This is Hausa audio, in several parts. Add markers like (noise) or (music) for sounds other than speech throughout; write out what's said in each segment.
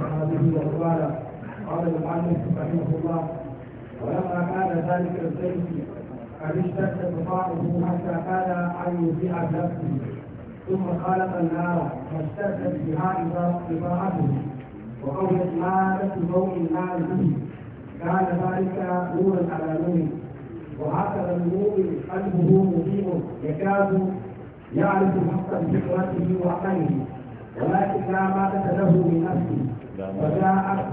وأصحابه وقال قال المؤلف رحمه الله ولما كان ذلك الزيت قد اشتد بطاعه حتى كان أن يضيع بنفسه ثم خالق النار فاشتدت بها إضاءته وقويت مادة ضوء النار به كان ذلك نورا على نور وهكذا النور قلبه مقيم يكاد يعرف حق فكرته وعقله ولكن لا مادة له من نفسه وجاءت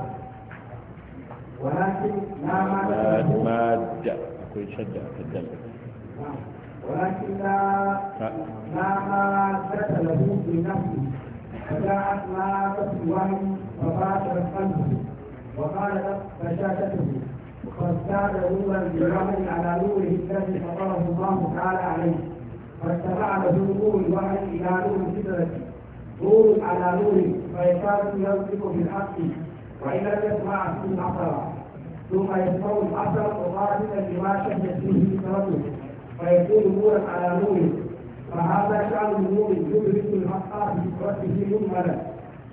ولكن لا مادة مادة أكوي شدة أكدل ولكن لا لا مادة له في نفسه فجاءت مادة الوهم فباشر قلبه وقالت بشاشته فازداد نورا بالوحي على نوره الذي فطره الله تعالى عليه فاتبع له نور الوحي الى نور الفطره نور على نور فيكاد ينطق بالحق وإن لم يسمع فيه أثرا ثم يسمع الأثر مقارنة لما شهدت فيه سرته فيكون نورا على نور فهذا شأن النور يدرك الحق فكرته مجملا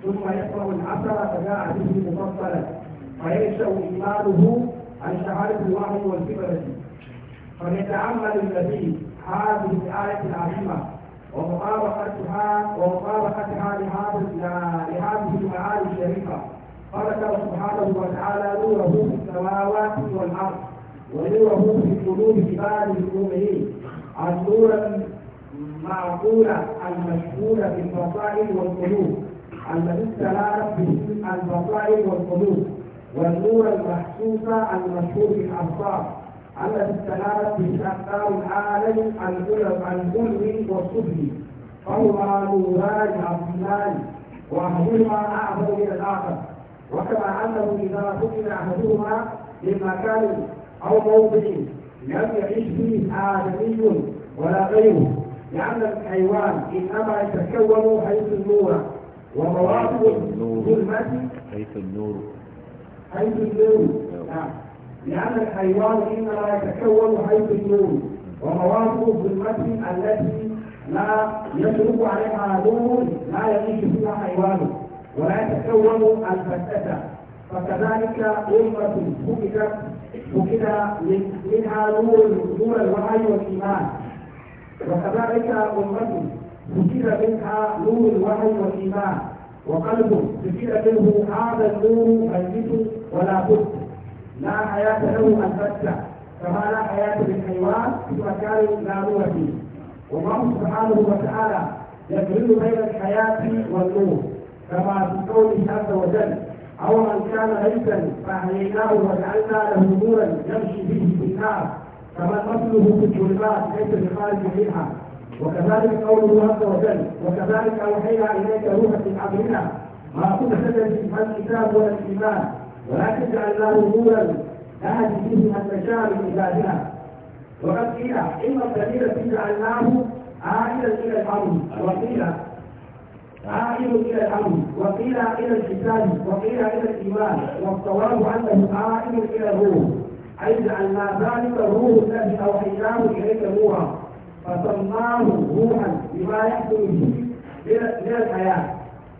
ثم يسمع الأثر فجاء به مفصلا فينشأ إيمانه عن شهادة الوحي والكبرة فليتأمل النبي هذه الآية العظيمة ومطابقتها ومطابقتها لهذا لهذه المعالي الشريفة فذكر سبحانه وتعالى نوره في السماوات والأرض ونوره في قلوب عباد المؤمنين النور المعقولة المشهورة بالبصائر والقلوب الذي استلالت به البصائر والقلوب والنور المحسوسة المشهور بالأبصار على الثلاث الأقدار عن الظلم والسفل فهما نوران عظيمان وأحدهما أعظم من الآخر وكما أنه إذا فقد أحدهما لمكان أو موضع لم يعيش فيه آدمي ولا غيره لأن الحيوان إنما يتكون حيث النور ومواطن الظلمة حيث النور حيث النور نعم, نعم. لأن الحيوان إنما يتكون حيث النور في الظلمة التي لا يسلك عليها نور لا يعيش فيها حيوان ولا يتكون الفتاة فكذلك أمة فقدت فقد منها نور نور الوعي والإيمان وكذلك أمة فقد منها نور الوعي والإيمان وقلب فقد منه هذا النور فالجسم ولا بد لا حياة له البتة كما لا حياة للحيوان في مكان لا نور فيه والله سبحانه وتعالى يفرق بين الحياة والنور كما في قوله عز وجل أو من كان ليسا فأحييناه وجعلنا له نورا يمشي به في النار كما مثله في الظلمات ليس بخارج منها وكذلك قوله عز وجل وكذلك أوحينا إليك روحا من أمرنا ما كنت تدري ما الكتاب ولا الإيمان ولكن جعلناه نورا هذه به من نشاء من عبادنا وقد قيل ان السبيل جعلناه عائدا الى الحرم وقيل عائد الى الحرم وقيل الى الكتاب وقيل الى الايمان والصواب انه عائد الى الروح اي جعلنا ذلك الروح الذي اوحيناه اليك نورا فسماه روحا بما يحكم به من الحياه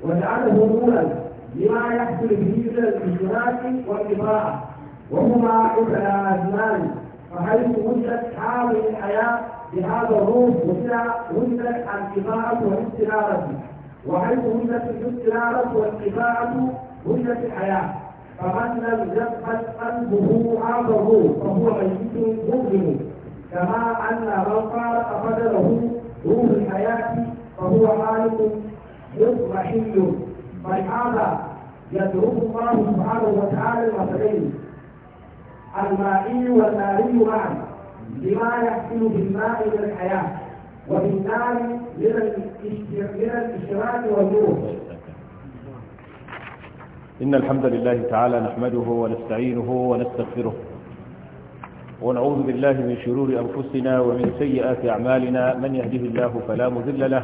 وجعله نورا لما يحصل به من الإجهاد والإضاعة وهما متلازمان فحيث وجدت حال الحياة بهذا الروح وهنا وجدت الإضاعة والاستنارة وحيث وجدت الاستنارة والإضاعة وجدت الحياة فمن لم يثبت قلبه هذا الروح فهو ميت مظلم كما أن من فارق بدله روح الحياة فهو خالق مضحي فلهذا يدعوه الله سبحانه وتعالى المثلين المائي والناري معا لما يحصل الماء من الحياة النار من الاشتراك والنور إن الحمد لله تعالى نحمده ونستعينه ونستغفره ونعوذ بالله من شرور أنفسنا ومن سيئات أعمالنا من يهده الله فلا مذل له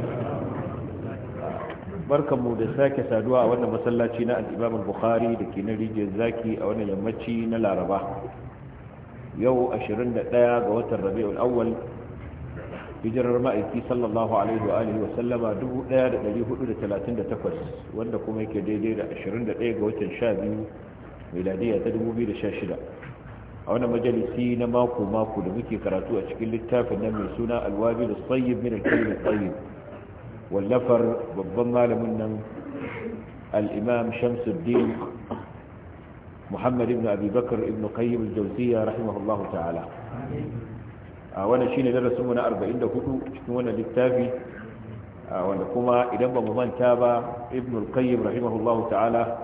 barkanmu da sake saduwa a wannan masallaci na al-Imam bukhari da ke na rijiyar zaki a wannan yammaci na Laraba yau 21 ga watan Rabiul Awwal hijirar ma'aiki sallallahu alaihi wa alihi wa sallama 1438 wanda kuma yake daidai da 21 ga watan 12 miladiya ta 2016 a wannan majalisi na mako-mako da muke karatu a cikin littafin nan mai suna alwabi da tsayyib min alkalmi tsayyib والنفر ببن معلمنا الإمام شمس الدين محمد بن أبي بكر بن قيم الجوزية رحمه الله تعالى آه، وانا شيني درس من أربعين دهوتو شكونا للتافي آه، وانا كما إلنبا ممان تابا ابن القيم رحمه الله تعالى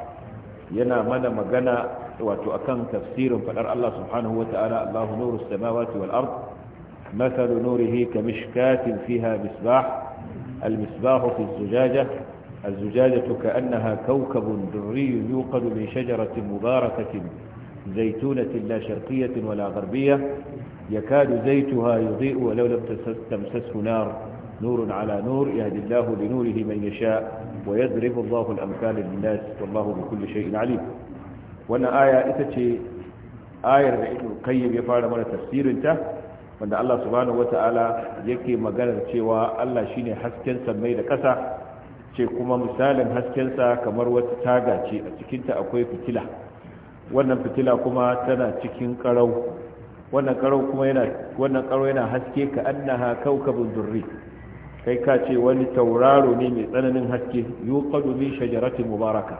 ينا منا مقنا وتؤكن تفسير فالأر الله سبحانه وتعالى الله نور السماوات والأرض مثل نوره كمشكات فيها مصباح المصباح في الزجاجة الزجاجة كأنها كوكب دري يوقد من شجرة مباركة زيتونة لا شرقية ولا غربية يكاد زيتها يضيء ولو لم تمسسه نار نور على نور يهدي الله لنوره من يشاء ويضرب الله الأمثال للناس والله بكل شيء عليم وأن آية إتتي آية ابن القيم يفعل من تفسير انتهى wanda Allah subhanahu wata'ala yake maganar cewa Allah shine hasken sammai da ƙasa ce kuma misalin haskensa kamar wata taga ce a cikinta akwai fitila wannan fitila kuma tana cikin karau wannan karau kuma yana wannan yana haske ka annaha kawkabun durri kai ka ce wani tauraro ne mai tsananin haske yuqadu min shajaratin mubaraka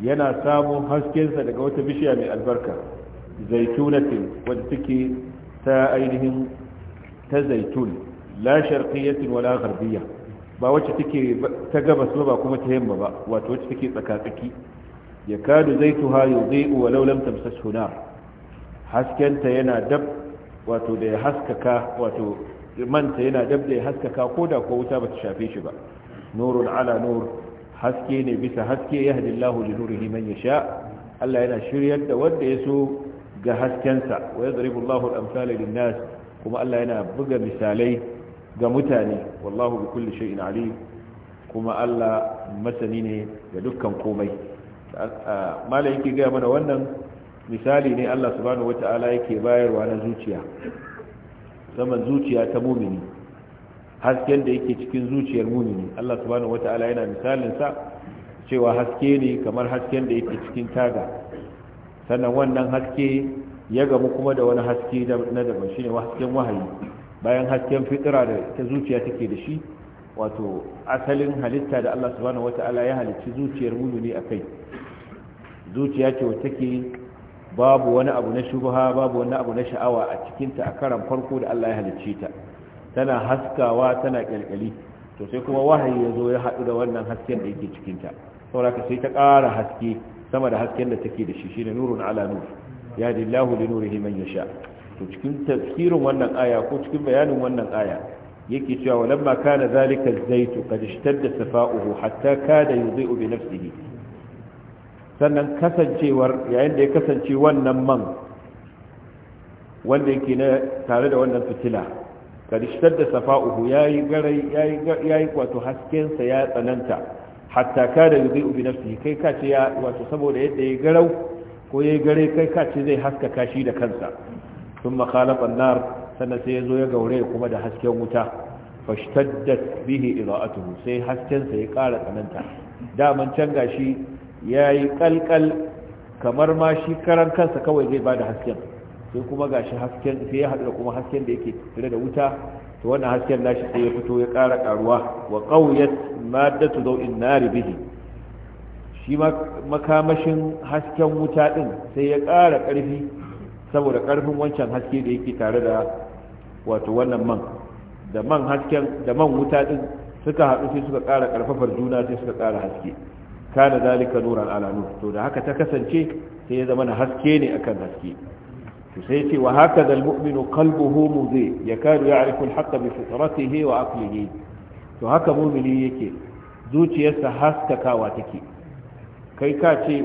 yana samun haskensa daga wata bishiya mai albarka zaitunatin wadda take ta ainihin ta zaitun la sharqiyyatin wala gharbiyya ba wacce take ta gabas ba kuma ta yamma ba wato wacce take tsakatsaki ya kadu zaituha yudhi'u walau lam tamsashu Hasken ta yana dab wato da ya haskaka wato manta yana dab da ya haskaka koda ko wuta ba ta shafe shi ba nurun ala nur haske ne bisa haske ya hadillahu li nurihi man yasha Allah yana shiryar da wanda ya so ga haskensa wa yadribu Allahu al-amsala nas kuma Allah yana buga misalai ga mutane wallahu bi kulli shay'in alim kuma Allah masani ne ga dukkan komai malai yake ga mana wannan misali ne Allah subhanahu wata'ala yake bayarwa na zuciya zaman zuciya ta mumini hasken da yake cikin zuciyar mumini Allah subhanahu wata'ala yana misalin sa cewa haske ne kamar hasken da yake cikin taga sannan wannan haske ya gamu kuma da wani haske na daban shine hasken wahayi bayan hasken fitira da ta zuciya take da shi wato asalin halitta da Allah subhanahu ta'ala ya halicci zuciyar a akai zuciya ce wacce take babu wani abu na shubha babu wani abu na sha'awa a cikinta a karan farko da Allah ya halicce ta tana haskawa tana kyalkyali to sai kuma wahayi ya zo ya haɗu da wannan hasken da yake cikinta saboda ka sai ta ƙara haske sama da hasken da take da shi shine nurun ala nur ya dillahu li nurihi man yasha to cikin tafsirin wannan aya ko cikin bayanin wannan aya yake cewa walamma kana zalika zaitu qad ishtadda safa'uhu hatta kada yudhi'u bi nafsihi sannan kasancewar yayin da ya kasance wannan man wanda yake na tare da wannan fitila kad ishtadda safa'uhu yayi garai yayi yayi wato haskensa ya tsananta hatta da yi bi nafsi kai ka ce ya wato saboda yadda ya garau ko ya gare kai ka ce zai haskaka shi da kansa sun khalaqa an-nar sannan sai zo ya gaure kuma da hasken wuta fashtaddat bihi ida'atuhu sai haskensa ya kara tsananta daman can gashi ya yi kalkal kamar ma shi karan kansa kawai zai bada hasken sai kuma gashi hasken sai ya haɗu da kuma hasken da yake tare da wuta to wannan hasken nashi sai ya fito ya ƙara ƙaruwa wa qawiyat maddatu in nari bihi shi makamashin hasken wuta din sai ya ƙara ƙarfi saboda ƙarfin wancan haske da yake tare da wato wannan man da man hasken da man wuta din suka haɗu sai suka ƙara ƙarfafar juna sai suka ƙara haske kana zalika nuran alanu to da haka ta kasance sai ya zama na haske ne akan haske sai ce wa haka da almu'minu qalbuhu ya yakadu ya'rifu al-haqqa bi fitratihi wa aqlihi to haka mu'mini yake zuciyarsa haskakawa take kai ka ce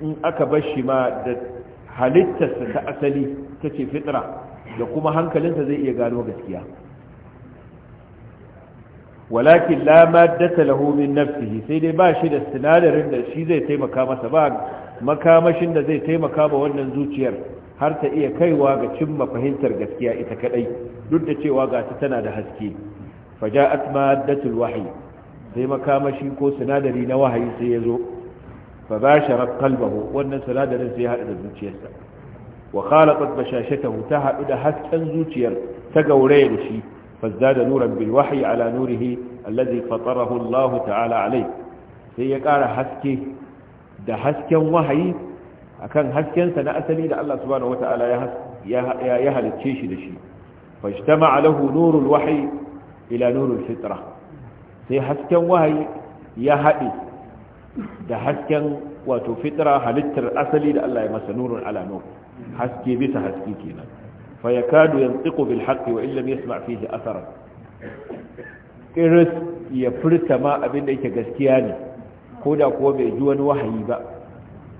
in aka bar shi ma da halittarsa ta asali ta ce fitra da kuma hankalinsa zai iya gano gaskiya walakin la maddata lahu min nafsihi sai dai ba shi da sinadarin da shi zai taimaka masa ba makamashin da zai taimaka ba wannan zuciyar har ta iya kaiwa ga cimma fahimtar gaskiya ita kadai duk da cewa ga ta tana da haske faja'at maddatul wahyi sai makamashi ko sinadari na wahayi sai ya zo fa basharat qalbahu wannan sinadarin sai ya hada da zuciyarsa wa khalaqat bashashatahu ta hadu da hasken zuciyar ta gauraye da shi fazdada nuran bil wahyi ala nurihi alladhi fatarahu Allah ta'ala alayhi sai ya kara haske da hasken wahayi akan haskensa na asali da Allah subhanahu wata'ala ya halicce shi da shi fajtama lahu nurul wahyi ila nurul fitra sai hasken wahayi ya haɗe da hasken wato fitra halittar asali da Allah ya masa nurun ala nur haske bisa haske kenan fa yakadu yantiqu bil haqqi wa illam yasma' fihi athara iris ya furta ma abin da yake gaskiya ne ko da kuwa bai ji wani wahayi ba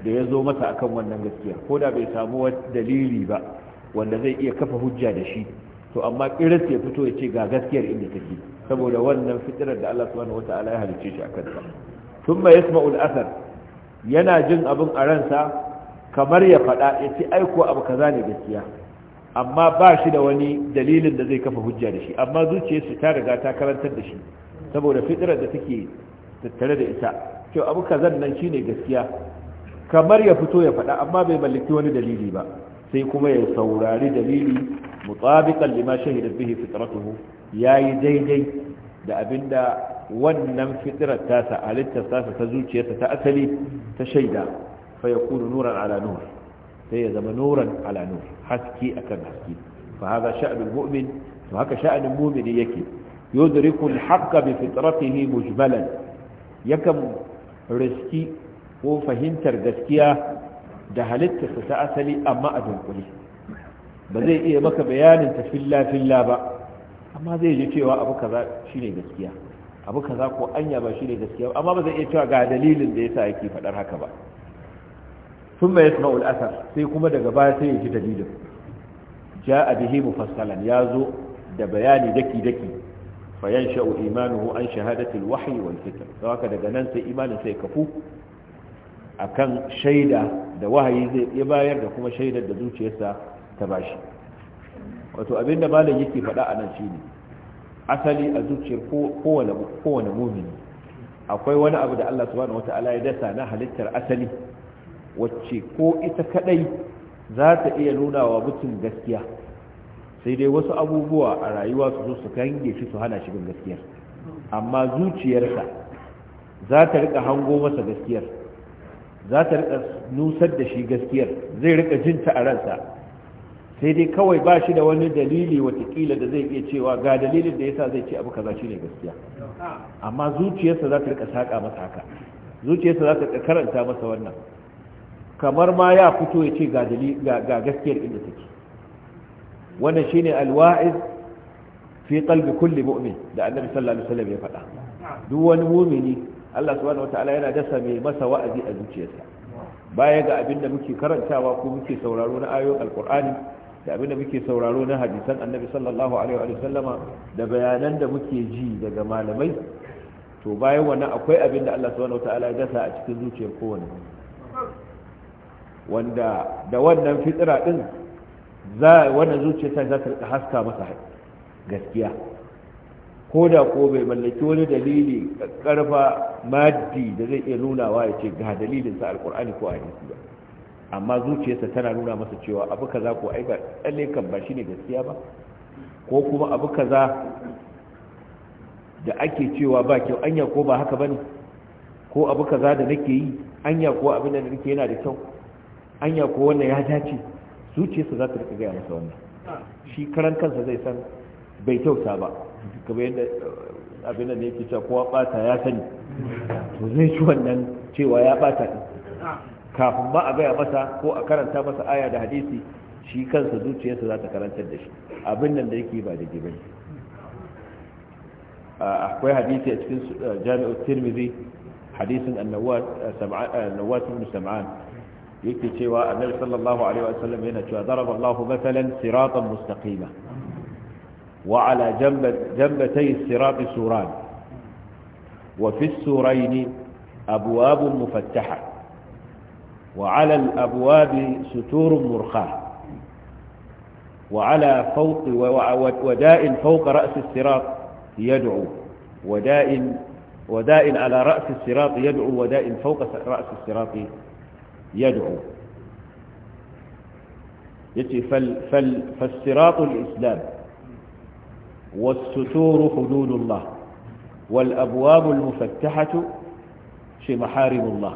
da ya zo masa akan wannan gaskiya ko da bai samu wani dalili ba wanda zai iya kafa hujja da shi to amma kiris ya fito ya ce ga gaskiyar inda take saboda wannan fitirar da Allah subhanahu wataala ya halicce shi akan sa tun mai al-athar yana jin abin a ransa kamar ya faɗa ya ce aiko abu kaza ne gaskiya amma ba shi da wani dalilin da zai kafa hujja da shi amma zuciyarsu ta riga ta karantar da shi saboda fitirar da take tattare da ita cewa abu kazan nan shine gaskiya kamar ya fito ya faɗa amma bai mallaki wani dalili ba sai kuma ya saurari dalili mutabiqan lima shahida bihi fitratuhu yayi daidai da abinda wannan fitrar tasa halittar tasa ta zuciyarsa ta asali ta shaida fa yakunu nuran ala nur sai ya zama nuran ala nur haske akan haske fa hada sha'nul mu'min to haka sha'anin mumin yake yudriku al-haqqa bi fitratihi mujmalan yakan riski ko fahimtar gaskiya da halittarsa ta asali amma a dunkule ba zai iya maka bayanin ta filla-filla ba amma zai ji cewa abu kaza shine gaskiya abu kaza ko anya ba shine gaskiya amma ba zai iya cewa ga dalilin da yasa yake faɗar haka ba sun bai yasma asar sai kuma daga baya sai ya ji dalilin ja a bihi mufassalan ya zo da bayani daki daki fayan sha'u imanuhu an shahadatul wahyi wal fitr don daga nan sai imanin sai kafu akan shaida da wahayi zai iya bayar da kuma shaidar da zuciyarsa ta bashi wato abinda malam yake faɗa a nan shine asali a zuciyar kowane kowane mumini akwai wani abu da Allah subhanahu wataala ya dasa na halittar asali wacce ko ita kadai za ta iya nuna wa mutum gaskiya sai dai wasu abubuwa a rayuwa su zo su kange shi su hana shi bin gaskiyar amma zuciyarsa za ta rika hango masa gaskiyar za ta rika nusar da shi gaskiyar zai rika jin ta a ransa sai dai kawai ba shi da wani dalili watakila da zai iya cewa ga dalilin da ya sa zai ce abu kaza ne gaskiya amma zuciyarsa za ta rika saƙa masa haka zuciyarsa za ta karanta masa wannan kamar ma ya fito ya ce ga gaskiyar inda take wannan shine alwa'iz fi qalbi kulli mu'min da annabi sallallahu alaihi wasallam ya faɗa duk wani mu'mini Allah subhanahu wata'ala yana dasa mai masa wa'azi a zuciyarsa baya ga abin da muke karantawa ko muke sauraro na ayoyin alkur'ani da abin da muke sauraro na hadisan annabi sallallahu alaihi wa sallama da bayanan da muke ji daga malamai to bayan wannan akwai abin da Allah subhanahu wataala ya dasa a cikin zuciyar kowane wanda da wannan fitira din za wannan zuciyar ta za ta haska masa gaskiya ko da ko bai mallaki wani dalili karfa maddi da zai iya wa ya ce ga dalilin sa alkur'ani ko hadisi ba amma zuciyarsa tana nuna masa cewa abu kaza ko aika tsalle kan ba shine gaskiya ba ko kuma abu kaza da ake cewa ba kyau anya ko ba haka bane ko abu kaza da nake yi anya ko abin da nake yana da kyau anya ko wannan ya dace zuciyarsa za ta rika gaya masa wannan shi karan kansa zai san bai kyauta ba kamar yadda eh, abin da ne ke cewa kowa bata ya sani to zai ci wannan cewa ya bata din kafin ba a gaya masa ko a karanta masa aya da hadisi shi kansa zuciyarsa za ta karantar da shi abin nan da yake ba da gibe akwai hadisi a cikin eh, jami'ar tirmidhi hadisin annawat eh, ibn sam'an yake cewa annabi sallallahu alaihi wasallam yana cewa daraba Allahu mathalan siratan mustaqima وعلى جنب جنبتي الصراط سوران وفي السورين أبواب مفتحة وعلى الأبواب ستور مرخاة وعلى فوق وداء فوق رأس الصراط يدعو وداء وداء على رأس الصراط يدعو وداء فوق رأس الصراط يدعو يتي فال فال فالصراط الإسلام والستور حدود الله والأبواب المفتحة في محارم الله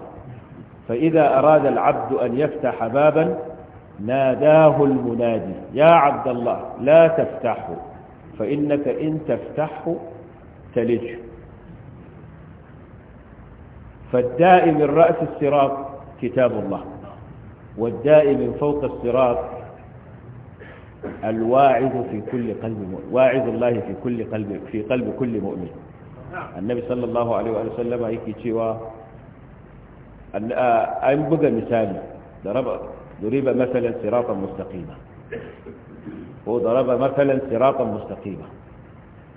فإذا أراد العبد أن يفتح بابا ناداه المنادي يا عبد الله لا تفتحه فإنك إن تفتحه تلج فالداء من رأس الصراط كتاب الله والداء من فوق الصراط الواعظ في كل قلب واعظ الله في كل قلب في قلب كل مؤمن النبي صلى الله عليه وسلم yake cewa an buga misali daraba duriba masalan siratan mustaqima ko daraba masalan siratan mustaqima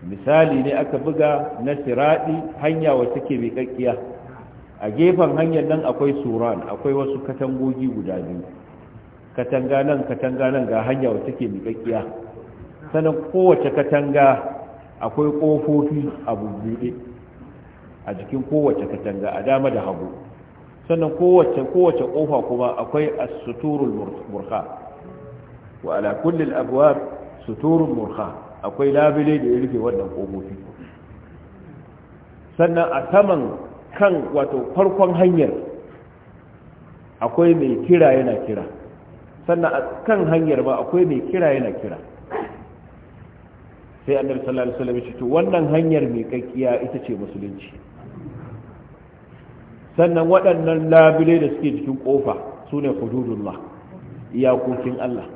misali ne aka buga na sirati hanya wacce ke miƙaƙƙiya a gefen hanyar nan akwai suran akwai wasu katangogi guda biyu katanga nan katanga nan ga hanya wacce ke miƙaƙiya sannan kowace katanga akwai ƙofofi a buɗe a jikin kowace katanga a dama da hagu sannan kowace kowace ƙofa kuma akwai as-suturul murkha wa ala kulli al-abwab suturul murkha akwai labule da ya rufe wannan ƙofofi sannan a saman kan wato farkon hanyar akwai mai kira yana kira sannan a kan hanyar ba akwai mai kira yana kira sai annabi sallallahu alaihi wasallam ya to wannan hanyar mai kakkiya ita ce musulunci sannan waɗannan labule da suke cikin kofa sune hududullah iyakokin Allah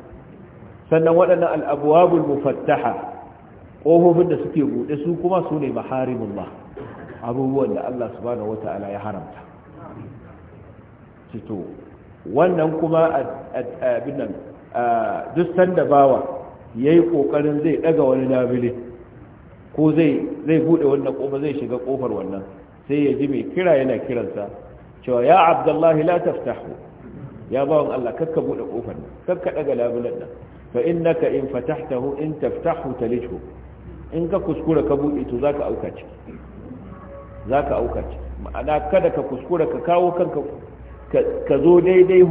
sannan waɗannan al'abuwabul mufattaha ƙofofin da suke buɗe su kuma su ne maharimullah abubuwan da Allah subhanahu ta'ala ya haramta cito wannan kuma abin nan duk sanda bawa ya yi kokarin zai daga wani labile ko zai zai bude wannan kofa zai shiga kofar wannan sai ya ji mai kira yana kiransa cewa ya abdullahi la taftahu ya bawan Allah kakka bude kofar nan kakka daga labilan nan fa innaka in fatahtahu in taftahu talihu in ka kuskura ka bude to zaka auka ciki zaka auka ciki ma'ana kada ka kuskura ka kawo kanka ka zo daidai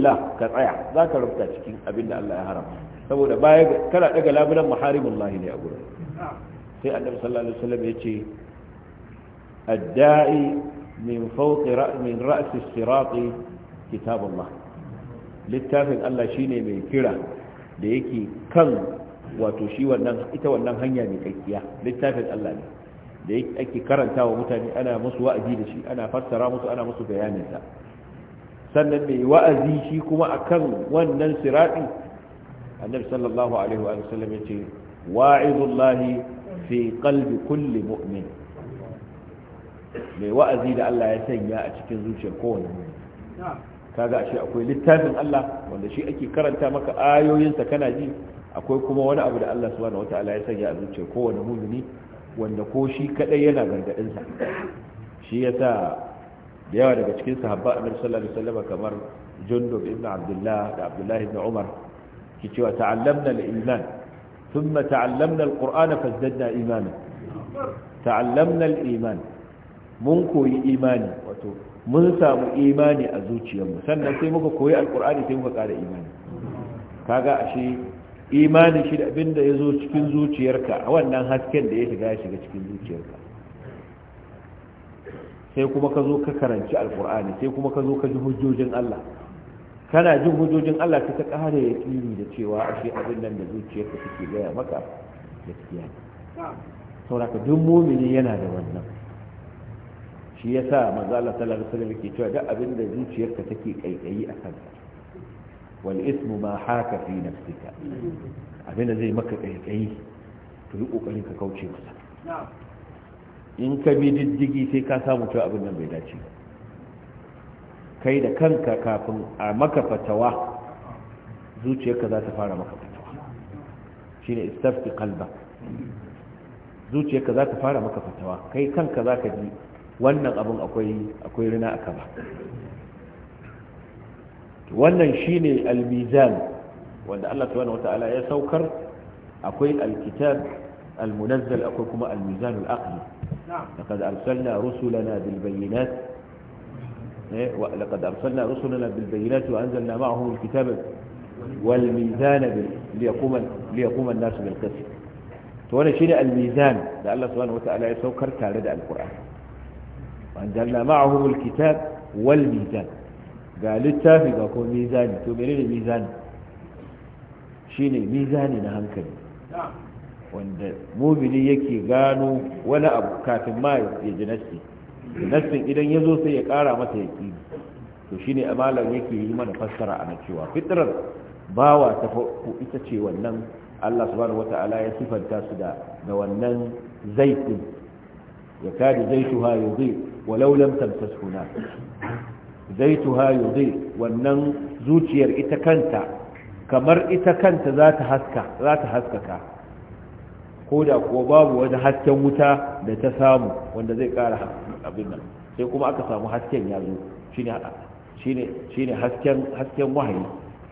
la ka tsaya za ka rubuta cikin abin da Allah ya haramta saboda baya kana daga labulan maharimullahi ne a gurin sai annabi sallallahu alaihi wasallam ya ce adda'i min fawqi min ra'si sirati kitabullah littafin Allah shine mai kira da yake kan wato shi wannan ita wannan hanya mai kakkiya littafin Allah ne da yake ake karantawa mutane ana musu wa'azi da shi ana fassara musu ana musu bayanin sa sannan mai wa'azi shi kuma akan wannan siraɗi annabi sallallahu alaihi wa sallam yace wa'izullahi fi qalbi kulli mu'min mai wa'azi da Allah ya sanya a cikin zuciyar kowane mu'min kaga shi akwai littafin Allah wanda shi ake karanta maka ayoyinsa kana ji akwai kuma wani abu da Allah subhanahu wataala ya sanya a zuciyar kowane mu'mini wanda ko shi kadai yana gargadin sa shi yasa da yawa daga cikin sahabba amir sallallahu alaihi wasallam kamar jundub ibn abdullah da abdullah ibn umar ki cewa ta'allamna al-iman thumma ta'allamna al-qur'ana fazdadna imana ta'allamna al-iman mun koyi imani wato mun samu imani a zuciyarmu sannan sai muka koyi al alqur'ani sai muka ƙara imani kaga ashe imani shi da abinda yazo cikin zuciyarka a wannan hasken da ya shiga shiga cikin zuciyarka sai kuma ka zo ka karanci alkur'ani sai kuma ka zo ka ji hujjojin Allah kana jin hujjojin Allah ka ƙara yaƙini da cewa ashe abin nan da zuciyarka take gaya maka gaskiya ne sauraka duk mumini yana da wannan shi ya sa manzo Allah sallallahu alaihi wasallam yake cewa duk abin da zuciyarka take kaikayi a kansa wal ismu ma haka fi nafsika abin da zai maka kaikayi to yi kokarin ka kauce masa in ka bi diddigi sai ka samu cewa abin nan bai dace ba kai da kanka kafin a maka fatawa zuciyarka za ta fara maka fatawa shine istafti qalba zuciyarka za ta fara maka fatawa kai kanka za ka ji wannan abin akwai rina aka ba wannan shi ne mizan wanda Allah subhanahu ta'ala ya saukar akwai al-kitab akwai kuma al-mizan al نعم. لقد أرسلنا رسلنا بالبينات إيه؟ لقد أرسلنا رسلنا بالبينات وأنزلنا معهم الكتاب والميزان ليقوم, ليقوم الناس بالقسط وانا شيء الميزان ده الله سبحانه وتعالى يسوكر تارد القرآن وأنزلنا معهم الكتاب والميزان قال التافي قال ميزان تو منين الميزان ميزان ميزاني نعم wanda mumini yake gano wani abu kafin ma ya ji nassi nassin idan ya zo sai ya kara masa yaƙini to shine amalan yake yi mana fassara ana cewa fitrar bawa ta farko ita ce wannan Allah subhanahu wa ta'ala ya sifanta su da da wannan zaitun ya kadi zaituha zai walau lam tamsasuna zaituha zai wannan zuciyar ita kanta kamar ita kanta za ta haskaka ko da ko babu wani hasken wuta da ta samu wanda zai ƙara abin nan sai kuma aka samu hasken ya zo shi ne hasken wahayi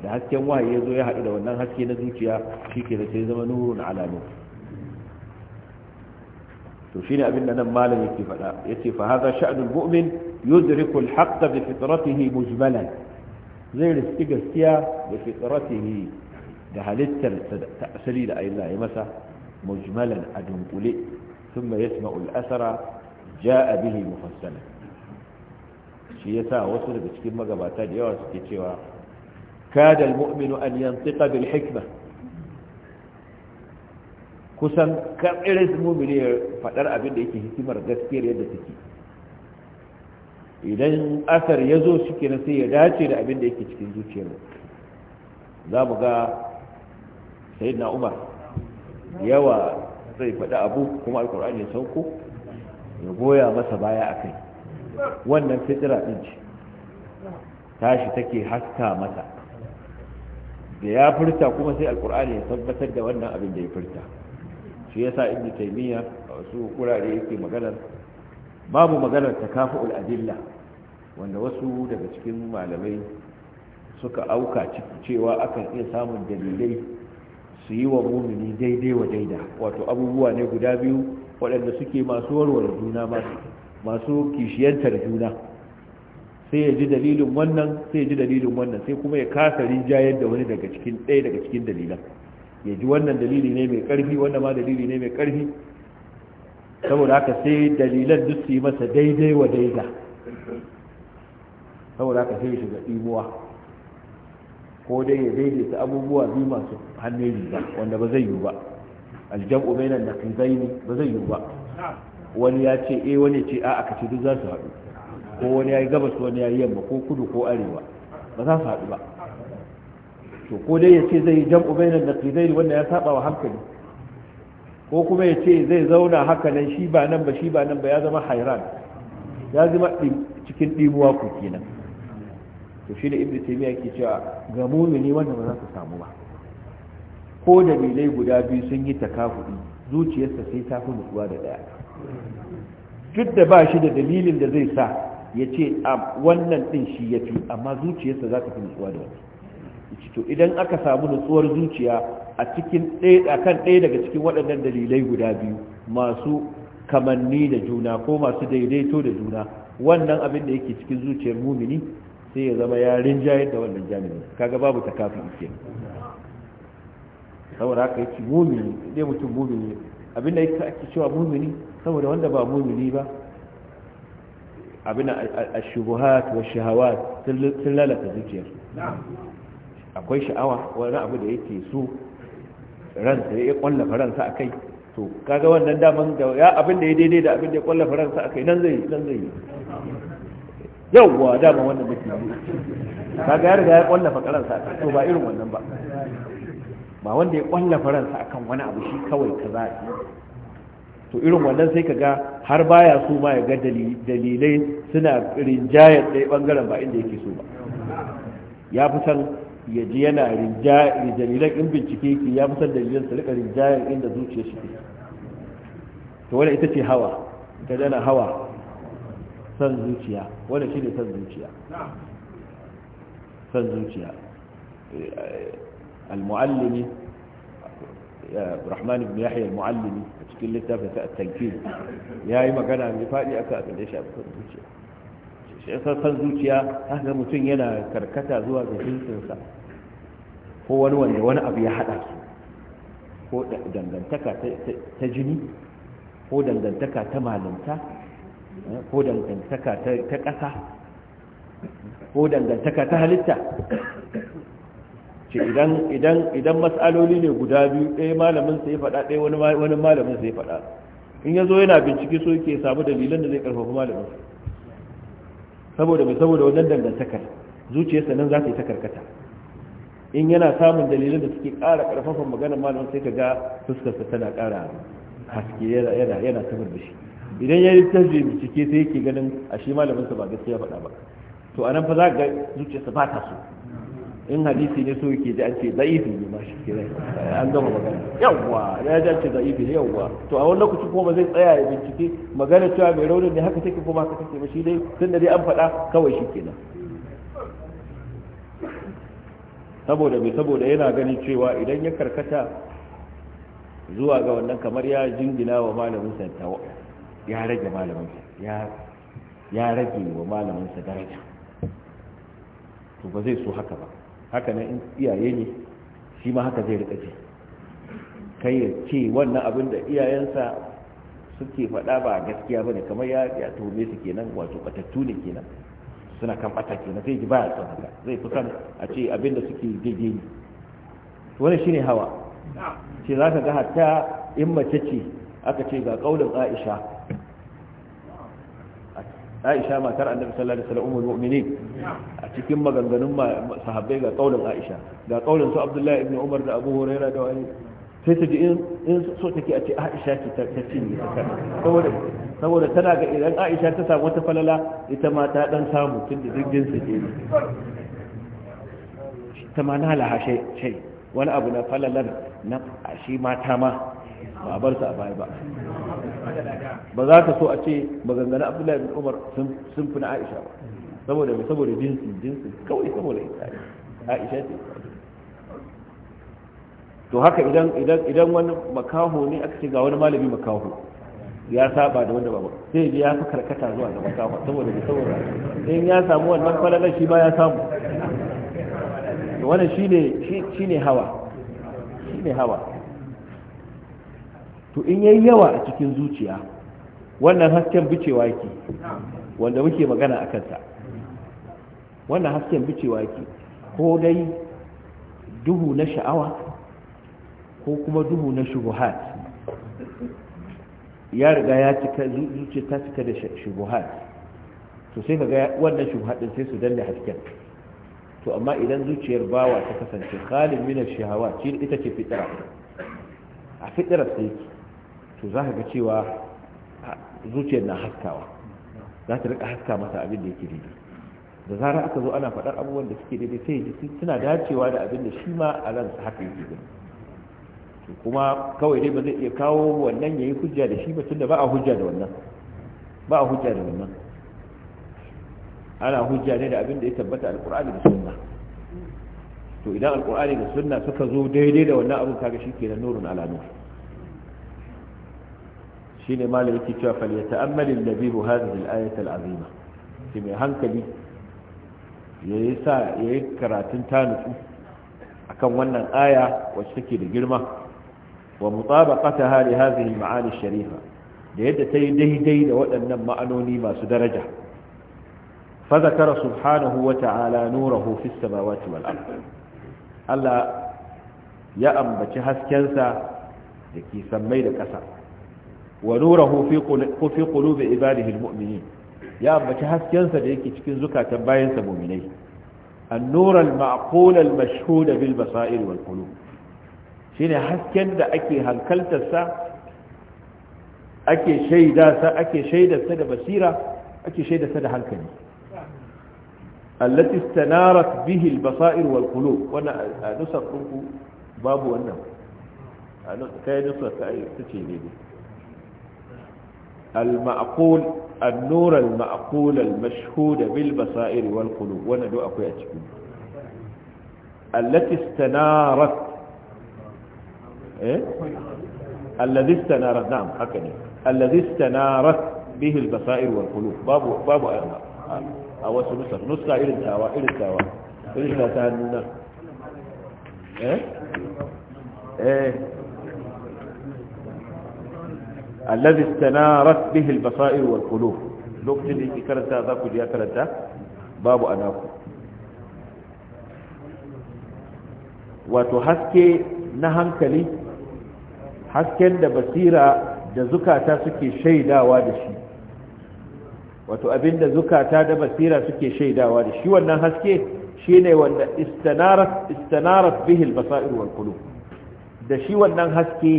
da hasken wahayi ya zo ya haɗu da wannan haske na zuciya shi ke da sai zama nurun alamu to shi ne abin da nan malam yake faɗa ya ce fa haza sha'nul mu'min yudriku al-haqqa bi fitratihi mujmalan zai riski gaskiya da fitratihi da halittar ta asali da Allah ya masa mujmalan a dunkule sun mai yasma ul'asara ja a bihi mufassala shi ya sa wasu daga cikin magabata da yawa suke cewa kada almu'minu an yantiqa bil hikma kusan kan irin mu'mini faɗar abin da yake hikimar gaskiyar yadda take idan asar ya zo shi kenan sai ya dace da abin da yake cikin zuciyar za mu ga sayyidina umar yawa zai faɗi abu kuma alkur'ani ya sauko ya goya masa baya a kai wannan fitira ɗin ce tashi take haska masa da ya furta kuma sai alkur'ani ya tabbatar da wannan abin da ya furta shi yasa ibnu taymiya a wasu kurare yake maganar babu maganar takafu'ul adilla wanda wasu daga cikin malamai suka auka cewa akan iya samun dalilai su yi wa mumini daidai wa daida wato abubuwa ne guda biyu waɗanda suke masu warware juna masu kishiyantar juna sai ya ji dalilin wannan sai ya ji dalilin wannan sai kuma ya kasa rinjayar da wani daga cikin ɗaya daga cikin dalilan ya ji wannan dalili ne mai ƙarfi wannan ma dalili ne mai ƙarfi saboda haka sai dalilan duk su yi masa daidai wa daida saboda haka sai ya shiga ɗimuwa ko dai ya daidaita abubuwa biyu masu hannun ba wanda ba zai yiwu ba aljam'u bainan naqidaini ba zai yiwu ba wani ya ce eh wani ce a'a ce duk za su haɗu ko wani ya yi gabas wani ya yi yamma ko kudu ko arewa ba za su haɗu ba to ko dai ya ce zai yi jam'u bainan naqidaini wanda ya saba wa hankali ko kuma ya ce zai zauna haka nan shi ba nan ba shi ba nan ba ya zama hairan ya zama cikin ɗimuwa ku kenan to shi da ibnu taymiya ke cewa ga mumini wanda ba za su samu ba ko dalilai guda biyu sun yi takafudi zuciyarsa sai ta fi mutuwa da daya duk da ba shi da dalilin da zai sa ya ce wannan din shi ya fi amma zuciyarsa za ta fi nutsuwa da wani to idan aka samu nutsuwar zuciya a cikin ɗaya kan ɗaya daga cikin waɗannan dalilai guda biyu masu kamanni da juna ko masu daidaito da juna wannan abin da yake cikin zuciyar mumini sai ya zama ya rinjayar da wannan jami'in kaga babu ta kafin ke saboda haka yake mumini dai mutum mumini abinda yake ake cewa mumini saboda wanda ba mumini ba abin ashubuhat wa shahawat sun lalata zuciya, akwai sha'awa wani abu da yake so ransa ya kwallafa ransa a kai to kaga wannan daman da ya abin da ya daidai da abin da ya kwallafa ransa a kai nan zai nan zai yawwa dama wannan da ke kaga ya riga ya kwallafa karansa to ba irin wannan ba ba wanda ya kwallafa ransa akan wani abu shi kawai kaza to irin wannan sai kaga har baya so ma ya ga dalilai suna rinjayar ɗaya bangaren ba inda yake so ba ya fi san ya ji yana rinjayar dalilan in bincike ke, ya fi san dalilan su rika rinjayar inda zuciya shi ke to wani ita ce hawa ita jana hawa san zuciya wanda shi ne san zuciya san zuciya al-mu'allimi rahman ibn yahya al-mu'allimi a cikin littafin sa at-tankil yi magana mai faɗi aka a kalle shi a san zuciya shi san zuciya haka mutum yana karkata zuwa ga jinsinsa ko wani wanda wani abu ya haɗa, su ko dangantaka ta jini ko dangantaka ta malinta ko dangantaka ta ƙasa ko dangantaka ta halitta ce idan matsaloli mas'aloli ne guda biyu ɗaya malamin sai ya faɗa ɗaya wani malamin sai ya faɗa in zo yana bincike so yake samu dalilan da zai ƙarfafa malamin saboda mai saboda wannan dangantakar zuciyarsa nan za ta yi ta karkata in yana samun dalilan da suke ƙara ƙarfafan maganar malamin sai ka ga fuskarsa tana ƙara haske yana yana da shi idan ya yi tajiri bincike sai yake ganin a shi malaminsa ba gaskiya faɗa ba to anan fa za ga zuciyarsa ba ta so in hadisi ne so yake ji an ce da'ifi ne ma shi ke an gama magana yawwa ya ji an ce da'ifi ne yawwa to a wani lokaci kuma zai tsaya ya bincike magana cewa mai raunin ne haka take kuma haka take ba shi dai tun da dai an faɗa kawai shi kenan saboda bai saboda yana ganin cewa idan ya karkata zuwa ga wannan kamar ya jingina wa malamin santawa ya rage malaminsa ya rage wa malaminsa daraja to ba zai so haka ba haka nan in iyaye ne shi ma haka zai rika ce kai ya ce wannan abin da iyayensa suke faɗa ba gaskiya ba ne kamar ya ya tuhume su kenan wato batattu ne kenan suna kan bata kenan zai ji ba ya haka zai fi son a ce abin da suke daidai ne wani shine hawa ce za ka ga hatta in mace ce aka ce ga kaulin aisha aisha matar annabi sallallahu alaihi wasallam mu'minin a cikin maganganun sahabbai ga kaulin aisha ga kaulin su abdullahi ibn umar da abu huraira da wani sai ta ji in so take a ce aisha ce ta cinye ta saboda saboda tana ga idan aisha ta samu wata falala ita ma ta dan samu tun da jirgin su ke ne ta ma na lahashe shai wani abu na falalar na shi mata ma ba a bar su a baya ba ba za ka so a ce ba gangana abdullahi bin umar sun fi na aisha ba saboda mai saboda jinsi jinsi kawai saboda ita aisha ce to haka idan idan idan wani makaho ne aka ce ga wani malami makaho ya saba da wanda babu sai ya fi karkata zuwa ga makaho saboda mai saboda in ya samu wannan falalar shi ba ya samu wannan shine shine hawa shine hawa to in yayi yawa a cikin zuciya wannan hasken bicewa yake wanda muke magana a kansa wannan hasken bicewa yake ko dai duhu na sha'awa ko kuma duhu na shubuhat ya riga ya cika zuciya ta cika da shubuhat to sai kaga wannan shubuhat din sai su danne hasken to amma idan zuciyar bawa ta kasance khalin min ash-shahawat ita ce fitra a fitrar sai to za ka ga cewa zuciyar na haskawa za ta rika haska masa abin da yake daidai da zarar aka zo ana faɗar abubuwan da suke daidai sai yi suna dacewa da abin da shi ma a su haka yake gani to kuma kawai dai ba zai iya kawo wannan yayi hujja da shi ba tunda ba a hujja da wannan ba a hujja da wannan ana hujja ne da abin da ya tabbata alqur'ani da sunna to idan alqur'ani da sunna suka zo daidai da wannan abin kaga shikenan nurun ala nur ne malai yake cewa fal yata'ammal an-nabihu hadhihi al azima shi mai hankali yayi sa yayi karatun a akan wannan aya wacce take da girma wa mutabaqataha li hadhihi al-ma'ani sharifa da yadda ta yi daidai da waɗannan ma'anoni masu daraja fa zakara subhanahu wa ta'ala nurahu fi samawati wal ardh Allah ya ambaci haskensa da ke sammai da ƙasa ونوره في قلوب عباده المؤمنين يا أبتي هسكنسا ديكي تكن زكاة ما باينسا مؤمني النور المعقول المشهود بالبصائر والقلوب شيني هسكن دا أكي هنكلت الساعة أكي دا ساعة أكي دا سنة بسيرة أكي دا سنة سدى هنكني التي استنارت به البصائر والقلوب وانا نسر قلقوا بابو أنه كاي نسر كاي تتشي ديكي المعقول النور المعقول المشهود بالبصائر والقلوب وانا دو اكو التي استنارت ايه الذي استنارت نعم هكذا الذي استنارت به البصائر والقلوب باب باب او نسخ نسخه الى التاوى الى التاوى الى التاوى ايه ايه allazi istanarat bihi al-basair wal qulub lokacin da yake karanta za ku ji karanta babu anaku wato haske na hankali hasken da basira da zukata suke shaidawa da shi wato zukata da basira suke shaidawa da shi wannan haske ne wanda istanarat istanarat basair wal qulub da shi wannan haske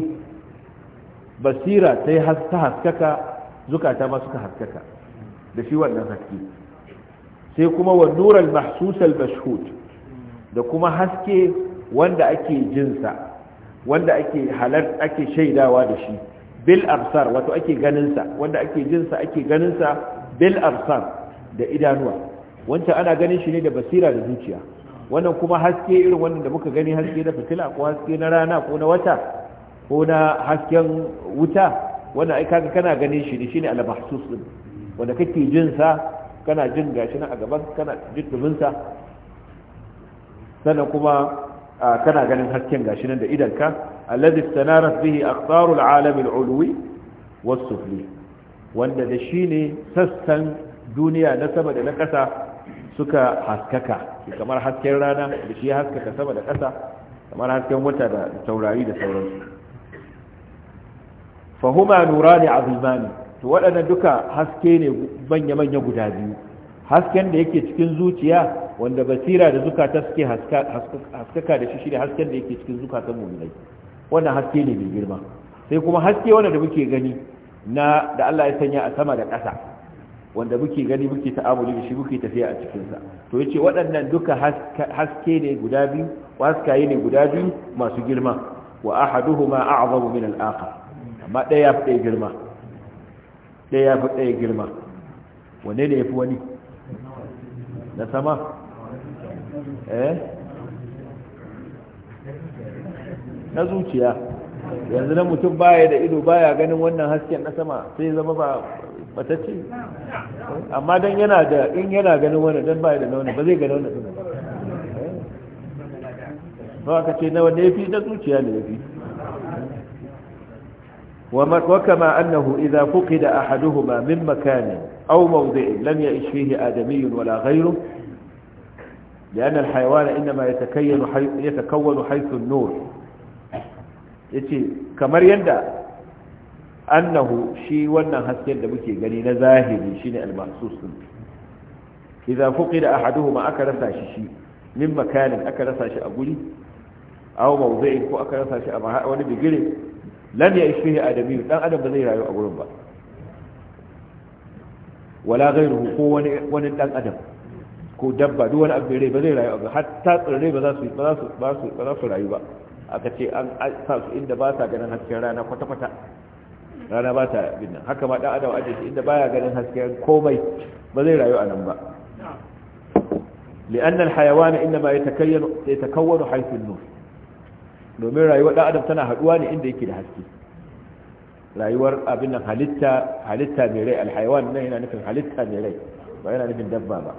basira ta yi ta haskaka zukata ma suka haskaka da shi wannan haske sai kuma wa nural mahsusal mashhud da kuma haske wanda ake jinsa wanda ake halar ake shaidawa da shi bil absar wato ake ganinsa wanda ake jinsa ake ganinsa bil absar da idanuwa wancan ana ganin shi ne da basira da zuciya wannan kuma haske irin wannan da muka gani haske na fitila ko haske na rana ko na wata ko na hasken wuta wannan ai kaga kana ganin shi ne shine al-mahsus din wanda kake jin sa kana jin gashi nan a gaban kana jin dubin sa sannan kuma kana ganin hasken gashi nan da idanka alladhi istanarat bihi aqtaru al-alam al-ulwi was-sufli wanda da shine sassan duniya na sama da na kasa suka haskaka kamar hasken rana da shi haskaka sama da kasa kamar hasken wata da taurari da sauransu fahuma nurani azimani to waɗannan duka haske ne manya-manya guda biyu hasken da yake cikin zuciya wanda basira da zukata suke haskaka da shi shi hasken da yake cikin zukatan muminai wannan haske ne mai girma sai kuma haske wanda da muke gani na da Allah ya sanya a sama da ƙasa wanda muke gani muke ta'amuli da shi muke tafiya a cikinsa to yace waɗannan duka haske ne guda biyu waskaye ne guda biyu masu girma wa ahaduhuma a'zamu min al-akhar amma ɗaya ya fi ɗaya girma ɗaya ya fi ɗaya girma wane ne ya fi wani na sama eh na zuciya yanzu na mutum baya da ido baya ganin wannan hasken na sama sai zama ba batacce amma don yana da in yana ganin wannan don baya da launin ba zai ga launin ba eh? ba ka ce na wanda ya fi na zuciya ne ya fi وكما أنه إذا فقد أحدهما من مكان أو موضع لم يعش فيه آدمي ولا غيره لأن الحيوان إنما يتكين يتكون حيث النور yace kamar yadda annahu shi wannan hasken da muke gani na zahiri shine al-mahsus din idza fuqida ahaduhuma aka rasa shi shi min makanin aka rasa shi a guri aw ko aka rasa shi a wani bigire lan ya ishe adami dan adam ba zai rayu a gurin ba wala gairu ko wani wani dan adam ko dabba duk wani abin rai ba zai rayu a hatta tsirrai ba za su ba su ba su ba su rayu ba aka ce an sa su inda ba sa ganin hasken rana kwata kwata rana ba ta bin nan haka ma dan adam aje shi inda baya ganin hasken komai ba zai rayu a nan ba لأن الحيوان إنما يتكون, يتكون حيث النور domin rayuwar ɗan adam tana haɗuwa ne inda yake da haske rayuwar abin nan halitta halitta mai rai alhaiwan nan yana nufin halitta mai rai ba yana nufin dabba ba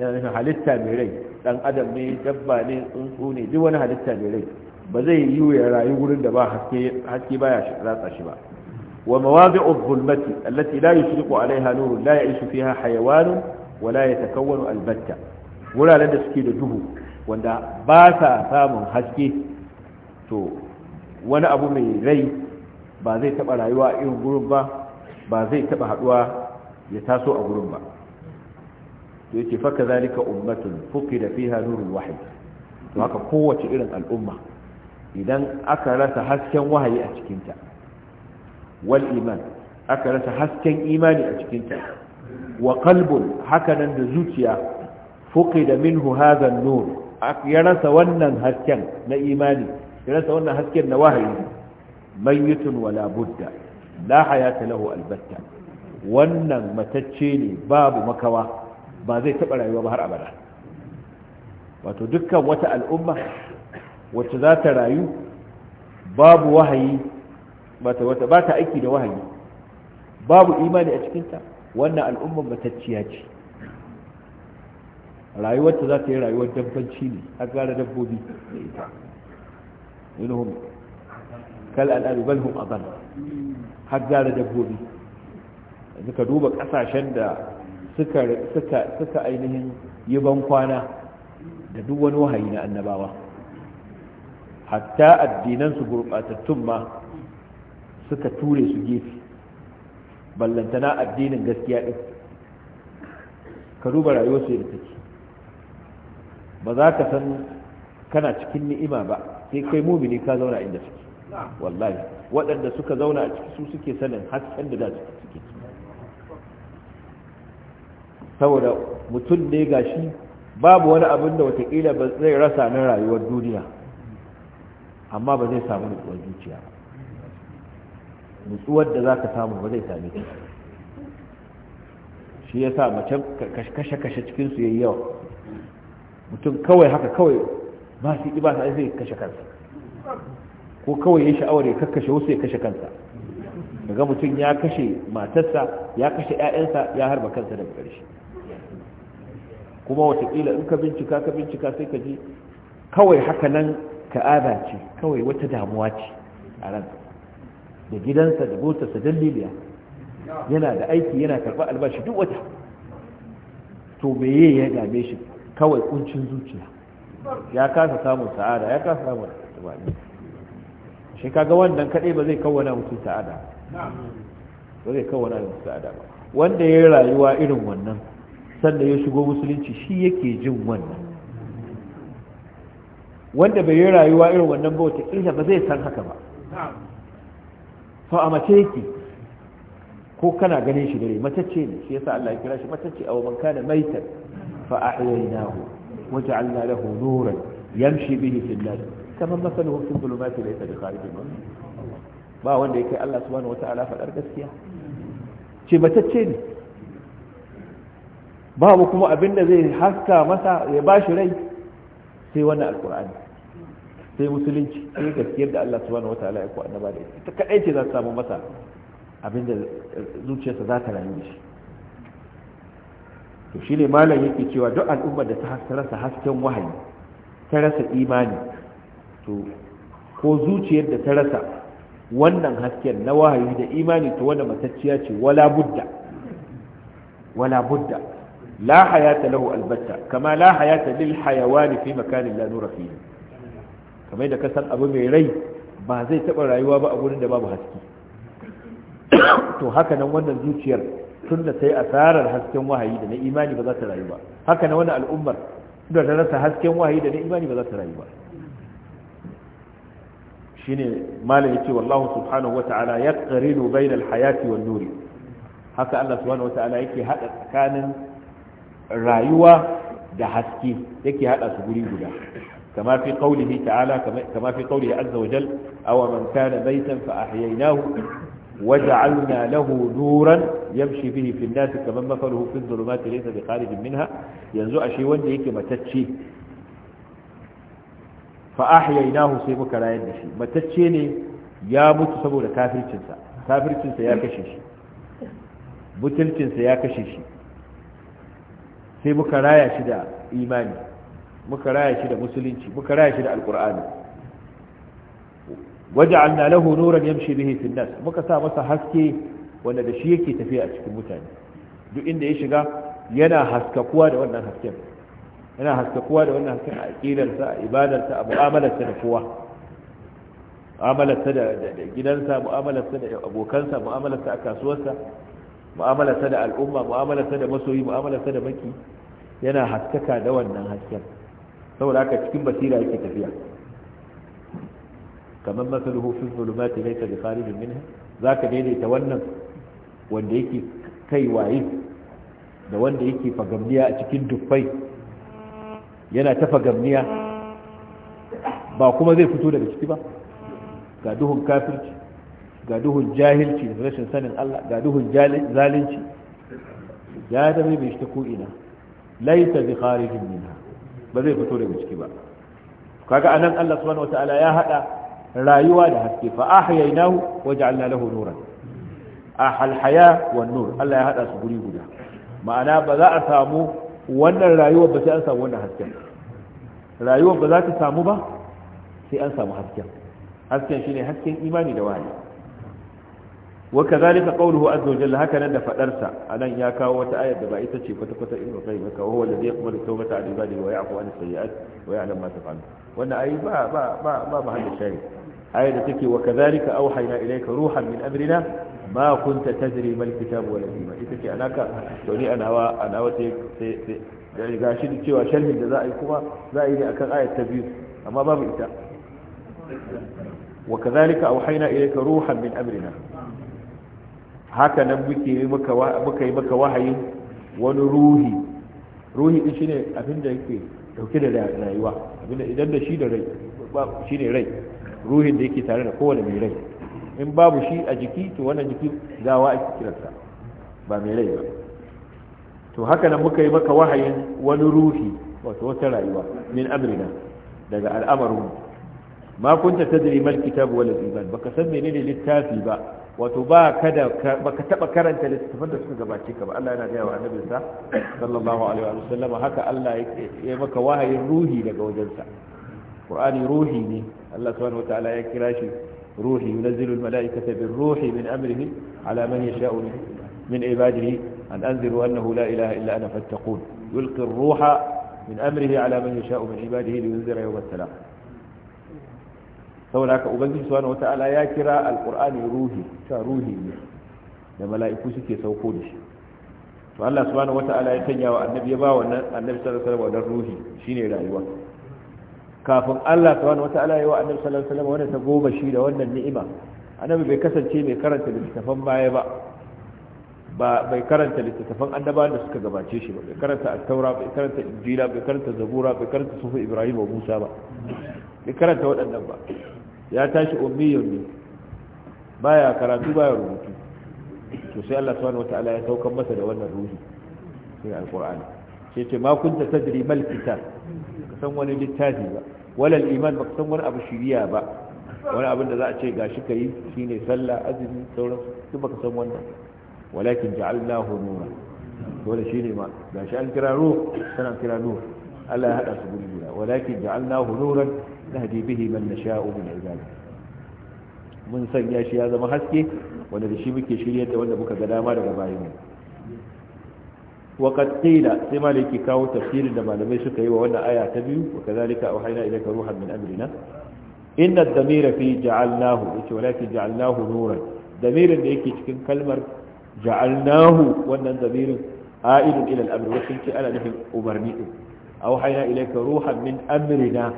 yana nufin halitta mai rai ɗan adam ne dabba ne tsuntsu ne duk wani halitta mai rai ba zai yi ya rayu wurin da ba haske haske baya ratsa shi ba wa mawabi'u dhulmati allati la yushriqu alaiha nurun la ya'ishu fiha hayawanun wa la yatakawwanu albatta wuraren da suke da duhu wanda ba sa samun haske to wani abu mai rai ba zai taba rayuwa a irin gurin ba ba zai taba haduwa ya taso a gurin ba to yake faka zalika ummatun fuqida fiha nurul wahid to haka kowace irin al'umma idan aka rasa hasken wahayi a cikinta wal iman aka rasa hasken imani a cikinta wa qalbun hakanan da zuciya fuqida minhu hadha an-nur ya rasa wannan hasken na imani ya rasa wannan hasken na wahayi mai mayyitun wala budda la hayata lahu albatta wannan matacce ne babu makawa ba zai taɓa rayuwa ba har abada wato dukkan wata al'umma wacce za ta rayu babu wahayi wata ba ta aiki da wahayi babu imani a cikinta wannan al'umma matacciya ce rayuwarta za ta yi rayuwar dabbanci ne a gara dabbobi da ita Kala kal al'adu bal hum adal har dabbobi yanzu ka duba ƙasashen da suka ainihin yi kwana da duk wani wahayi na annabawa hatta addinan su gurbatattun ma suka ture su gefe ballantana addinin gaskiya din ka duba rayuwar su da take ba za ka san kana cikin ni'ima ba sai kai ne ka zauna inda suke wallahi waɗanda suka zauna a ciki su suke sanin hasken da za su suke saboda mutum ne gashi babu wani abin da watakila ba zai rasa na rayuwar duniya amma ba zai samu nutsuwar zuciya ba nutsuwar da za ka samu ba zai sami ta shi ya sa mace kashe-kashe cikinsu ya yi yawa mutum kawai haka kawai ba su ba zai kashe kansa ko kawai ya sha'awar ya kakkashe wasu ya kashe kansa daga mutum ya kashe matarsa ya kashe 'ya'yansa ya harba kansa daga ƙarshe kuma watakila in ka bincika ka bincika sai ka ji kawai haka nan ada ce kawai wata damuwa ce a ransa da gidansa da motarsa don liliya yana da aiki yana karɓar albashi duk wata to meye ya game shi kawai kuncin zuciya ya kasa samun sa'ada ya kasa samun tumani shi kaga wannan kadai ba zai kawana mutu sa'ada ba zai kawana mutu sa'ada ba wanda ya yi rayuwa irin wannan sanda ya shigo musulunci shi yake jin wannan wanda bai yi rayuwa irin wannan ba wata kila ba zai san haka ba fa a mace yake ko kana ganin shi dare matacce ne shi yasa Allah ya kira shi matacce wa man kana maitan fa ahyaynahu وجعلنا له نورا يمشي به في الناس كما مثله في الظلمات ليس بخارج منه ba wanda yake Allah subhanahu wata'ala faɗar gaskiya ce batacce ne babu kuma abin da zai haska masa ya bashi rai sai wannan alkur'ani sai musulunci sai gaskiyar da Allah subhanahu wata'ala ya ku annaba da ita kaɗai ce za ta samu masa abin da zuciyarsa za ta rayu da shi to ne malam yake cewa duk al'ummar da ta rasa hasken wahayi ta rasa imani to ko zuciyar da ta rasa wannan hasken na wahayi da imani to wanda matacciya ce wala budda wala budda la hayata lahu albatta kama la hayata lil hayawan fi makanin la nura fihi kamar da kasan abu mai rai ba zai taba rayuwa ba a gurin da babu haske (coughs) to haka nan wannan zuciyar tun da sai asarar hasken wahayi da na imani ba za ta rayu ba haka na wani al'ummar da ta rasa hasken wahayi da na imani ba za ta rayu ba shine malam yace wallahu subhanahu wata'ala yaqrinu bainal hayati wan nuri haka Allah subhanahu ta'ala yake hada tsakanin rayuwa da haske yake hada su guri guda كما في قوله تعالى كما في قوله عز وجل أو من كان بيتا فأحييناه وجعلنا له نورا يمشي به في الناس كمن مثله في الظلمات ليس بخارج منها ينزو شي wanda yake matacce fa ahyaynahu sai muka rayar da shi matacce ne ya mutu saboda kafircinsa kafircinsa ya kashe shi ya kashe shi sai muka raya shi da imani raya shi da musulunci raya shi da alkur'ani waja'alna lahu nuran yamshi bihi fi nas muka sa masa haske wanda da shi yake tafiya a cikin mutane duk inda ya shiga yana haskakuwa da wannan hasken yana haskakuwa da wannan hasken a aqidarsa a ibadarsa a mu'amalarsa da kowa mu'amalarsa da gidansa mu'amalarsa da abokansa mu'amalarsa a kasuwarsa mu'amalarsa da al'umma mu'amalarsa da masoyi mu'amalarsa da maki yana haskaka da wannan hasken saboda haka cikin basira yake tafiya kamar masaluhu fi zulumati laysa bi kharijin minha zaka daidaita wannan wanda yake kai waye da wanda yake fagamniya a cikin dubbai yana ta fagamniya ba kuma zai fito daga ciki ba ga duhun kafirci ga duhun jahilci da rashin sanin Allah ga duhun zalunci ya da mai bai shi ko'ina laita bi kharijin minha ba zai fito daga ciki ba kaga anan Allah subhanahu wataala ya hada rayuwa da haske fa ahyaynahu waja'alna lahu nuran ahal haya wan nur Allah ya hada su guri guda ma'ana ba za a samu wannan rayuwar ba sai an samu wannan hasken rayuwar ba za ta samu ba sai an samu hasken hasken shine hasken imani da wahayi wa kadhalika qawluhu azza wa jalla haka nan da anan ya kawo wata ayar da ba ita ce kwata kwata ibnu qayyim ka huwa alladhi yaqbalu tawbata al ibadi wa ya'fu an sayyi'at wa ya'lamu ma taf'alun wannan ayi ba ayar da take wa kazalika auhayna ilayka ruhan min amrina ma kunta tadri mal kitabu wal iman ita ce alaka to ni anawa anawa sai sai da riga shi cewa sharhin da za a yi kuma za a yi ne akan ayat ta biyu amma babu ita wa kazalika auhayna ilayka ruhan min amrina haka nan muke yi maka muka yi maka wahayin wani ruhi ruhi din shine abin da yake dauke da rayuwa abin da idan da shi da rai shine rai ruhin da yake tare da kowane mai rai in babu shi a jiki to wannan jiki gawa ake kiransa ba mai rai ba to haka nan muka yi maka wahayin wani ruhi wato wata rayuwa min amrina daga al'amarin ma kunta tadri mal kitab wal iman baka san menene littafi ba wato ba kada baka taba karanta littafin da suka gabace ka ba Allah yana gaya wa annabinsa sallallahu alaihi wa sallam haka Allah ya maka wahayin ruhi daga wajensa القرآن روحي دي الله سبحانه وتعالى يكرا روحي ينزل الملائكة بالروح من أمره على من يشاء من عباده أن أنذروا أنه لا إله إلا أنا فاتقون يلقي الروح من أمره على من يشاء من عباده لينذر يوم السلام فولاك أبنجي سبحانه وتعالى يكرا القرآن روحي روحي دي لملائكة سكي سوقونش فالله سبحانه وتعالى يتنجى وأن نبي يباوى أن نبي صلى الله عليه وسلم وأن الروحي شيني رأيوه kafin Allah subhanahu wata'ala ya wa annabi sallallahu alaihi wasallam wannan ta goma shi da wannan ni'ima annabi bai kasance mai karanta littattafan baya ba ba bai karanta littattafan annaba da suka gabace shi ba bai karanta at-taura bai karanta injila bai karanta zabura bai karanta sufu ibrahim wa musa ba bai karanta waɗannan ba ya tashi ummiyun ne baya karatu baya rubutu to sai Allah subhanahu wata'ala ya saukar masa da wannan ruhi sai alqur'ani sai ce ma kunta tadri mal kitab ka san wani littafi ba walal iman ba san wani abu shiriya ba wani abin da za a ce gashi ka yi shine sallah azumi sauran duk baka san wannan walakin ja'alnahu nura dole shine ma gashi an kira ruh sana kira nur Allah ya hada su guri guda walakin ja'alnahu nuran nahdi bihi man nasha'u min ibadina mun sanya shi ya zama haske wanda da shi muke shiryar da wanda muka ga dama daga bayan mu وقد قيل كما لكي كاو تفسير لما لم يشك وانا آية تبيو وكذلك أوحينا إليك روحا من أمرنا إن الضمير في جعلناه ولكن جعلناه نورا ضمير لكي تكن كلمة جعلناه وانا ضمير عائد إلى الأمر وكنت أنا نحن أمرني أوحينا إليك روحا من أمرنا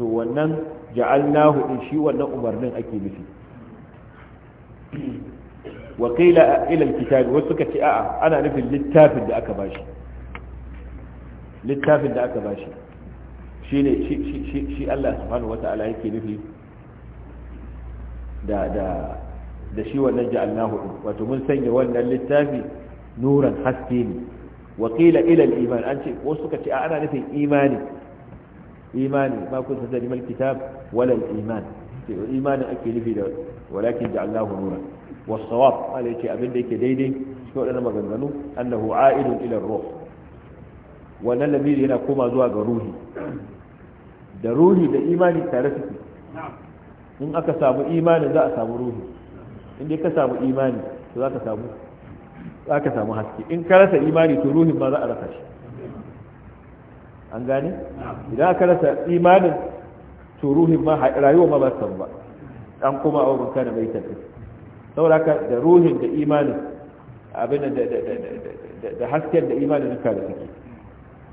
وانا جعلناه إن شيء وانا أمرنا أكيد فيه wa qila ila alkitab wasu suka ce a'a ana nufin littafin da aka bashi littafin da aka bashi shi ne shi Allah subhanahu wata'ala yake nufi da da da shi wannan ja'alnahu wato mun sanya wannan littafi nuran haske ne wa qila ila iman an ce wasu suka ce ana nufin imani imani ba kun san da kitab wala iman ce imanin ake nufi da walakin ja'alnahu nura was-sawab alai ce abin da yake daidai shi wadannan maganganu annahu a'idun ila ruh wannan lamiri yana koma zuwa ga ruhi da ruhi da imani tare suke in aka samu imani za a samu ruhi in dai ka samu imani to za ka samu za ka samu haske in ka rasa imani to ruhin ma za a rasa shi an gane idan aka rasa imanin to ruhin ma rayuwa ma ba su ba an kuma a wurin kana mai tafi sauraka da ruhin da imanin abin da hasken da imanin duka da suke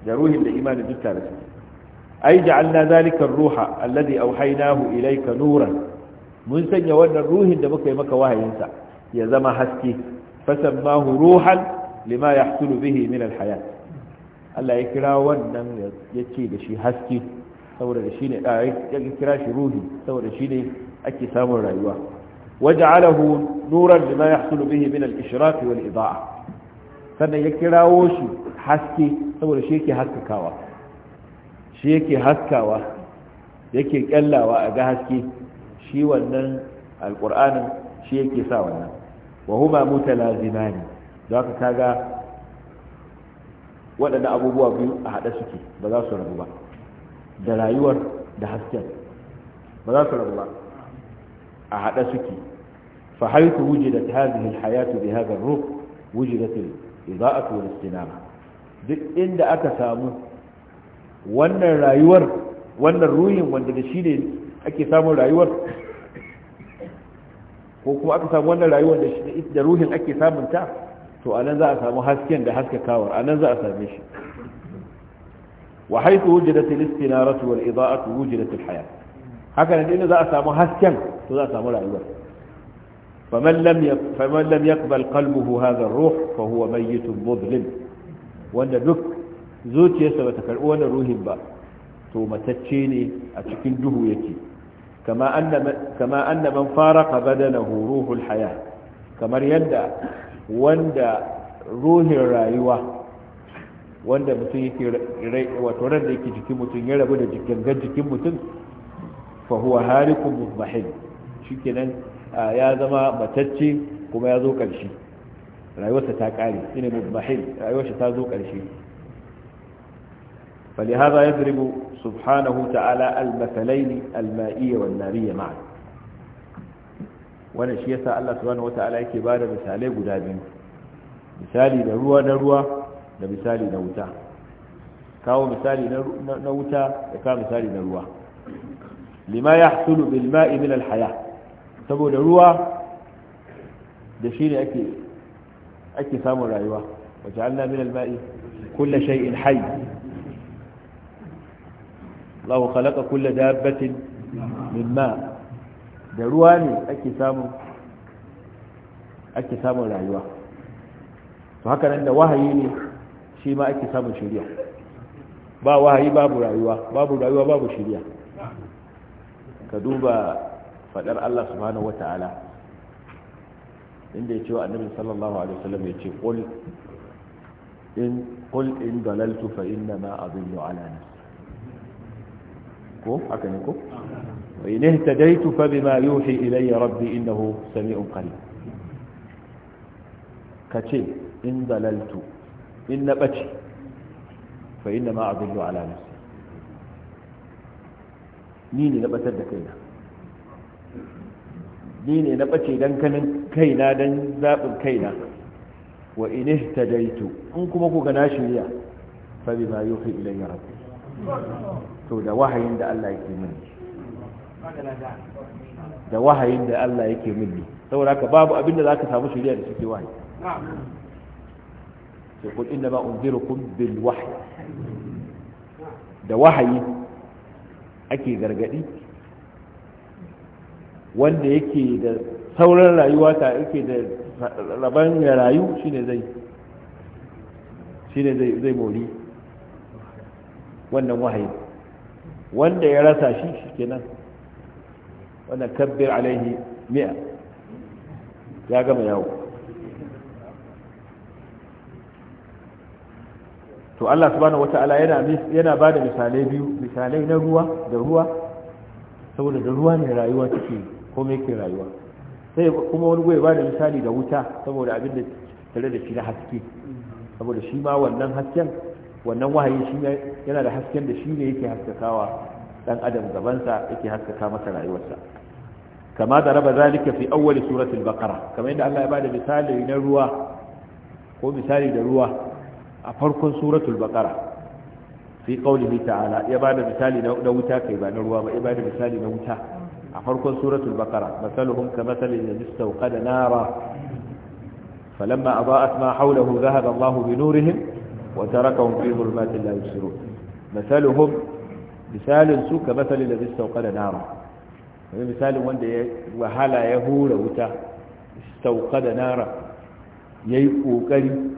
da ruhin da imanin duka da suke ai ja'alna zalika ruha alladhi awhaynahu ilayka nuran mun sanya wannan ruhin da muka yi maka wahayinsa ya zama haske fasammahu ruhan lima yahsulu bihi min alhayat Allah ya kira wannan yace da shi haske saboda da shine ya kira shi ruhi saboda shine ake samun rayuwa waje waja'alahu nuran lima yahsulu bihi min al-ishraq wal idaa sannan ya kirawo shi haske saboda shi yake haskakawa shi yake haskawa yake kyallawa a ga haske shi wannan alqur'anin shi yake sa wannan wa huma za ka kaga waɗannan abubuwa biyu a haɗe suke ba za su rabu ba da rayuwar da hasken ba za su rabu ba a haɗa suke fa haitu wujidat hadhihi alhayatu bi hadha ar-ruh wujidat al-idha'atu wal istinama duk inda aka samu wannan rayuwar wannan ruhin wanda da shi ne ake samun rayuwar ko kuma aka samu wannan rayuwar da ruhin ake samunta to anan za a samu hasken da haskakawar anan za a same shi wa haythu wujidat al-istinaratu wal ida'atu wujidat al-hayat haka ne inda za a samu hasken to za a samu rayuwa faman lam faman lam yaqbal qalbuhu hadha ar-ruh fa huwa mayyitun mudlim wanda duk zuciyarsa bata karbi wannan ruhin ba to matacce ne a cikin duhu yake kama anna kama anna man kamar yadda wanda ruhin rayuwa wanda mutum yake wato ran da yake jikin mutum ya rabu da gangan jikin mutum fa huwa harikun mudmahil shikenan ya zama matacce kuma ya zo ƙarshe rayuwarsa ta ƙare shine mudmahil rayuwarsa ta zo ƙarshe فلهذا يضرب سبحانه تعالى المثلين المائية والنارية معا وانا الله سبحانه وتعالى يكي بعد مثالي قدابين مثالي لروا نروا da misali na wuta kawo misali na wuta da kawo misali na ruwa lima ya hasulu bil ma'i min al haya saboda ruwa da shine ake ake samun rayuwa wa ja'alna min al ma'i kull shay'in hayy Allah khalaqa kull dabbatin min ma' da ruwa ne ake samun ake samun rayuwa to haka nan da wahayi ne shi ma ake samun shirya ba wahayi babu rayuwa babu rayuwa babu shirya ka duba fadar Allah subhanahu wata'ala inda ya ce wa annabi sallallahu alaihi wasallam ya ce qul in qul in dalaltu fa inna ma adillu ala nafsi ko haka ne ko wa in ihtadaitu fa bima yuhi ilayya rabbi innahu sami'un qareeb kace in dalaltu in na ɓace fa inda ma abin da ala nafsi ni ne na ɓatar da kaina ni ne na ɓace don kanin kaina don zaɓin kaina wa in ta daitu in kuma ku gana shirya fa bi ma yuhi ya rabbi to da wahayin da Allah yake mini da wahayin da Allah yake mini saboda haka babu abin da za ka samu shirya da suke wahayi sai kun inda ma unzirukum bil wahyi da wahayi ake gargadi wanda yake da sauran rayuwa ta yake da rabon ya rayu shine zai shine zai zai mori wannan wahayi wanda ya rasa shi shikenan wannan kabbir alaihi mi'a ya gama yawo to Allah subhanahu wata'ala yana yana bada misalai biyu misalai na ruwa da ruwa saboda da ruwa ne rayuwa take komai ke rayuwa sai kuma wani goyi bada misali da wuta saboda abin da tare da shi na haske saboda shi ma wannan hasken wannan wahayi shi yana da hasken da shi ne yake haskakawa dan adam gabansa yake haskaka masa rayuwarsa kama da raba zalika fi awwal suratul baqara kamar yadda Allah ya bada misali na ruwa ko misali da ruwa a farkon suratul baqara fi qaulihi ta'ala ya bada misali na wuta kai ba na ruwa ba ya bada misali na wuta a farkon suratul baqara masaluhum kamathalin ladhi istawqada nara falamma adaa'at ma dhahaba bi nurihim wa tarakahum fi الله la yusirun في ظلمات su ka مثلهم مثال istawqada nara wani استوقد wanda ya wahala ya hura wuta istawqada nara yayi kokari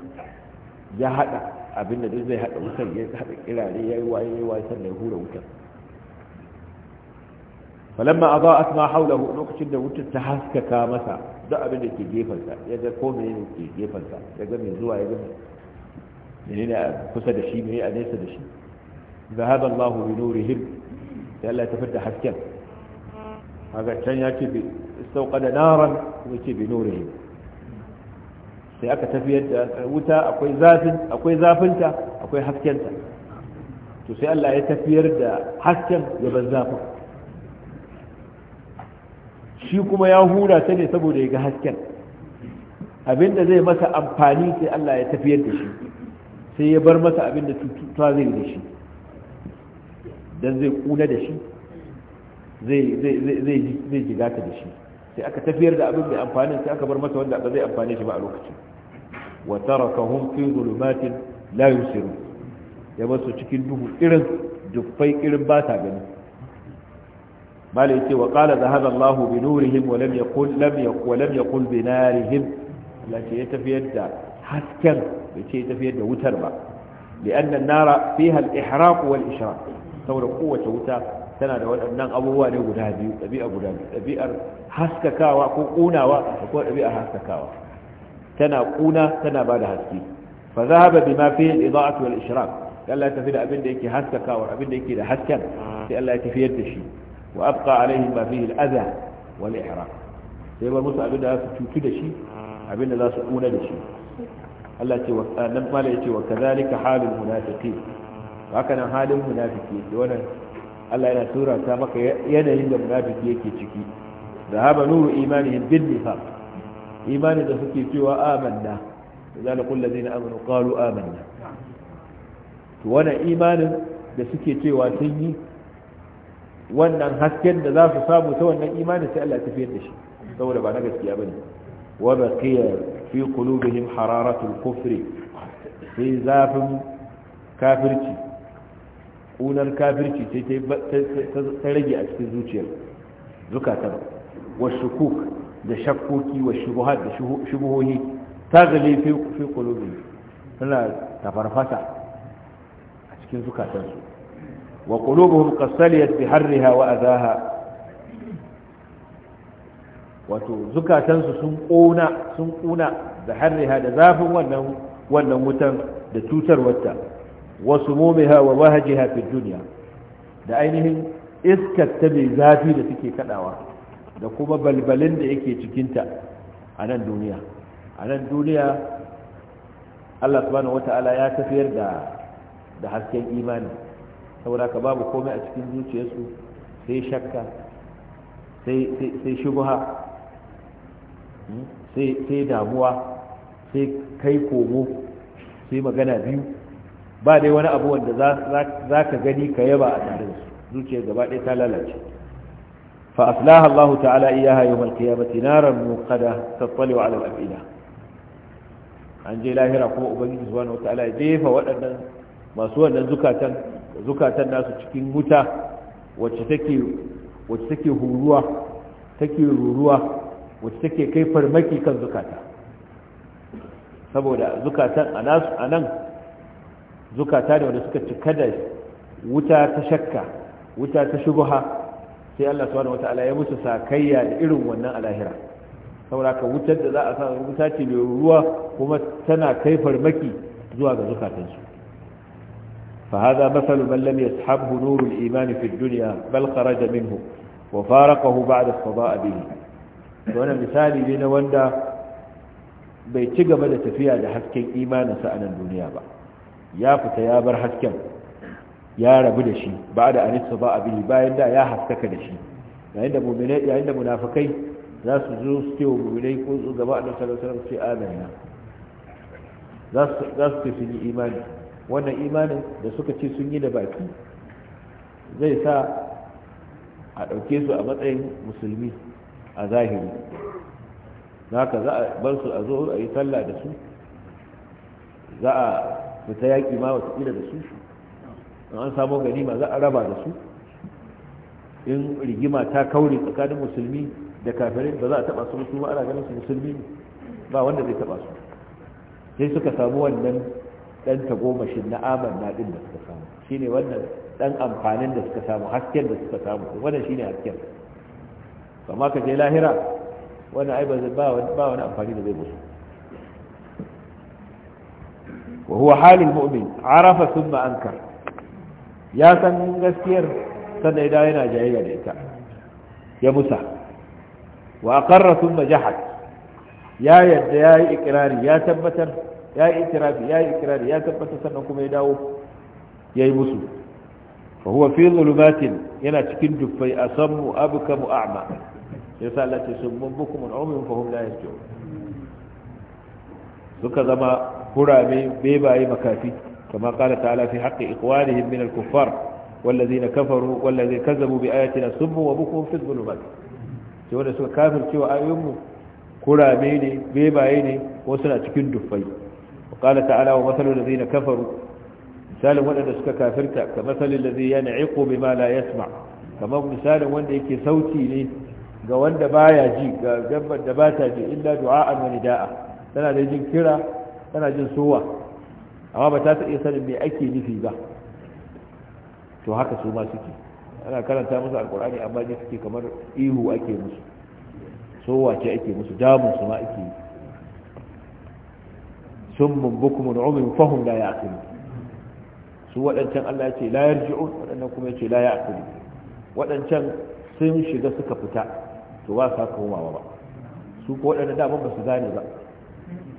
ya haɗa abin da duk zai haɗa wutar ya haɗa kirare ya yi waye ya yi waye sannan ya hura wutar falamma a za'at ma haulahu lokacin da wutar ta haskaka masa duk abin da ke gefensa ya ga ko menene ke gefensa ya ga mai zuwa ya ga menene a kusa da shi menene a nesa da shi da allahu bi nurihim ya ذهب الله بنورهم يلا تفتح حسكن هذا كان يأتي استوقد نارا bi nurihim sai aka tafiyar da wuta akwai zafin akwai zafinta akwai haskenta to sai Allah ya tafiyar da hasken ya ban zafin shi kuma ya hura ta ne saboda ya ga hasken abinda zai masa amfani sai Allah ya tafiyar da shi sai ya bar masa abinda cututtuwa zai da shi dan zai kuna da shi zai jigata da shi sai aka tafiyar da abin mai amfanin sai aka bar masa wanda ba zai amfane shi ba a lokacin wa tarakahum fi zulumatin la yusirun ya basu cikin duhu irin dufai irin ba ta gani mala yace wa qala dhahaba Allah bi nurihim wa lam yaqul lam yaqul wa lam yaqul bi narihim lati ya tafiyar da hasken yace ya tafiyar da wutar ba lianna an-nara fiha al-ihraq wal ishraq saboda kowace wuta tana da waɗannan abubuwa ne guda biyu ɗabi'a guda biyu ɗabi'ar haskakawa ko ƙunawa ko ɗabi'ar haskakawa tana kuna tana bada haske fa zahaba bima fi al-ida'at wal ishraq Allah ya tafi da abin da yake haskakawa abin da yake da hasken sai Allah ya tafiyar da shi wa abqa alaihi ma fi al-adha wal ihraq sai ba musu abin da za su cutu da shi abin da za su kuna da shi Allah ce wa nan mala yace wa kadhalika halul munafiqin haka nan halin munafiki da wannan Allah yana tura ta maka yanayin da munafiki yake ciki zahaba nuru imanihim bin nifaq Imanin da suke cewa amanna da zai na amanu qalu amanna to wannan imanin da suke cewa sun yi wannan hasken da za su samu ta wannan imanin sai Allah ya tafiyar da shi saboda ba na gaskiya ba ne. wa baqiya fi qulubihim hararatul kufri sai zafin kafirci ƙunar kafirci sai ta rage a cikin zuciyar zukatan wasu kuk da shakkoki wa shubuhat da shubuhohi tagali fi fi qulubi suna tafarfasa a cikin zukatansu wa qulubuhum qasaliyat bi harriha wa adaha wato zukatansu sun kona sun kuna da harriha da zafin wannan wannan wutan da cutarwarta wa sumumiha wa wahajiha fi dunya da ainihin iskar ta mai zafi da suke kadawa da kuma balbalin da yake cikinta a nan duniya a nan duniya Allah subhanahu wata'ala ya tafiyar da da hasken imani saboda ka babu komai a cikin zuciyarsu sai shakka sai shubha hmm, sai damuwa sai kai komo sai magana biyu ba dai wani abu wanda za ka gani ka yaba a tare da su zuciyar gaba ɗaya ta lalace فأفلاها الله تعالى إياها يوم القيامة نارا موقدة تطلع على الأفئدة an je lahira kuma ubangiji subhanahu wataala ya jefa waɗannan masu wannan zukatan zukatan nasu cikin wuta wacce take wacce take huruwa take ruruwa wacce take kai farmaki kan zukata saboda zukatan a nan zukata ne wanda suka cika da wuta ta shakka wuta ta shubha sai Allah subhanahu ta'ala ya musu sakayya da irin wannan alahira saboda ka wutar da za a sa wuta ce mai ruwa kuma tana kai farmaki zuwa ga zukatansu فهذا مثل من لم يسحبه نور الإيمان في الدنيا بل خرج منه وفارقه بعد الصداء به misali ne na wanda bai ci gaba da tafiya da hasken sa a nan duniya ba ya fita ya bar hasken ya rabu da shi ba da anisa ba abin bayan da ya haskaka da shi yayin da munafikai za su zo su ce wa muminai ko su gaba a nasarar sarar ce amina za su ce sun yi imani wannan imanin da suka ce sun yi da baki zai sa a ɗauke su a matsayin musulmi a zahiri za ka za a bar su a zo a yi sallah da su za a fita yaƙi ma wata da su in an samu ganima za a raba da su in rigima ta kauri tsakanin musulmi da kafirai ba za a taba su musulmi ana ganin su musulmi ba wanda zai taba su sai suka samu wannan dan tagomashin na aman na din da suka samu shine wannan dan amfanin da suka samu hasken da suka samu wannan shine hasken amma ka je lahira wannan ai ba ba wani amfani da zai musu وهو حال المؤمن عرف ثم أنكر ya san gaskiyar sannan idan yana jayayya da ita ya musa wa aqarra thumma jahad ya yadda ya yi ikirari ya tabbatar ya yi itirafi ya yi ikirari ya tabbatar sannan kuma ya dawo ya yi musu fa huwa fi yana cikin dubbai asammu mu a'ma Ya Allah ce sun bukum al'ummi fa hum la yasjud suka zama kurame bebaye makafi كما قال تعالى في حق إخوانهم من الكفار والذين كفروا والذين كذبوا بآياتنا سموا وبكوا في الظلمات سيوانا سوى كافر سوى آيهم كرامين بيبعين وسنة كندفين وقال تعالى ومثل الذين كفروا misalin waɗanda suka kafirta ka matsalin da zai yana iko bai ma yasma kamar misalin wanda yake sauti ne ga wanda baya ji ga dabbar da ba ta ji illa du'a'an wani da'a tana da jin kira tana jin amma ba ta iya sanin me ake nufi ba to haka su ma suke ana karanta musu alkur'ani amma ne suke kamar ihu ake musu so wace ake musu damun su ma ake yi sun mumbukumun umin fahim la ya'qilu su waɗancan Allah ce la yarji'un waɗannan kuma ya ce la ya'qilu waɗancan sun shiga suka fita to ba sa komawa ba su ko waɗanda daman ba su gane ba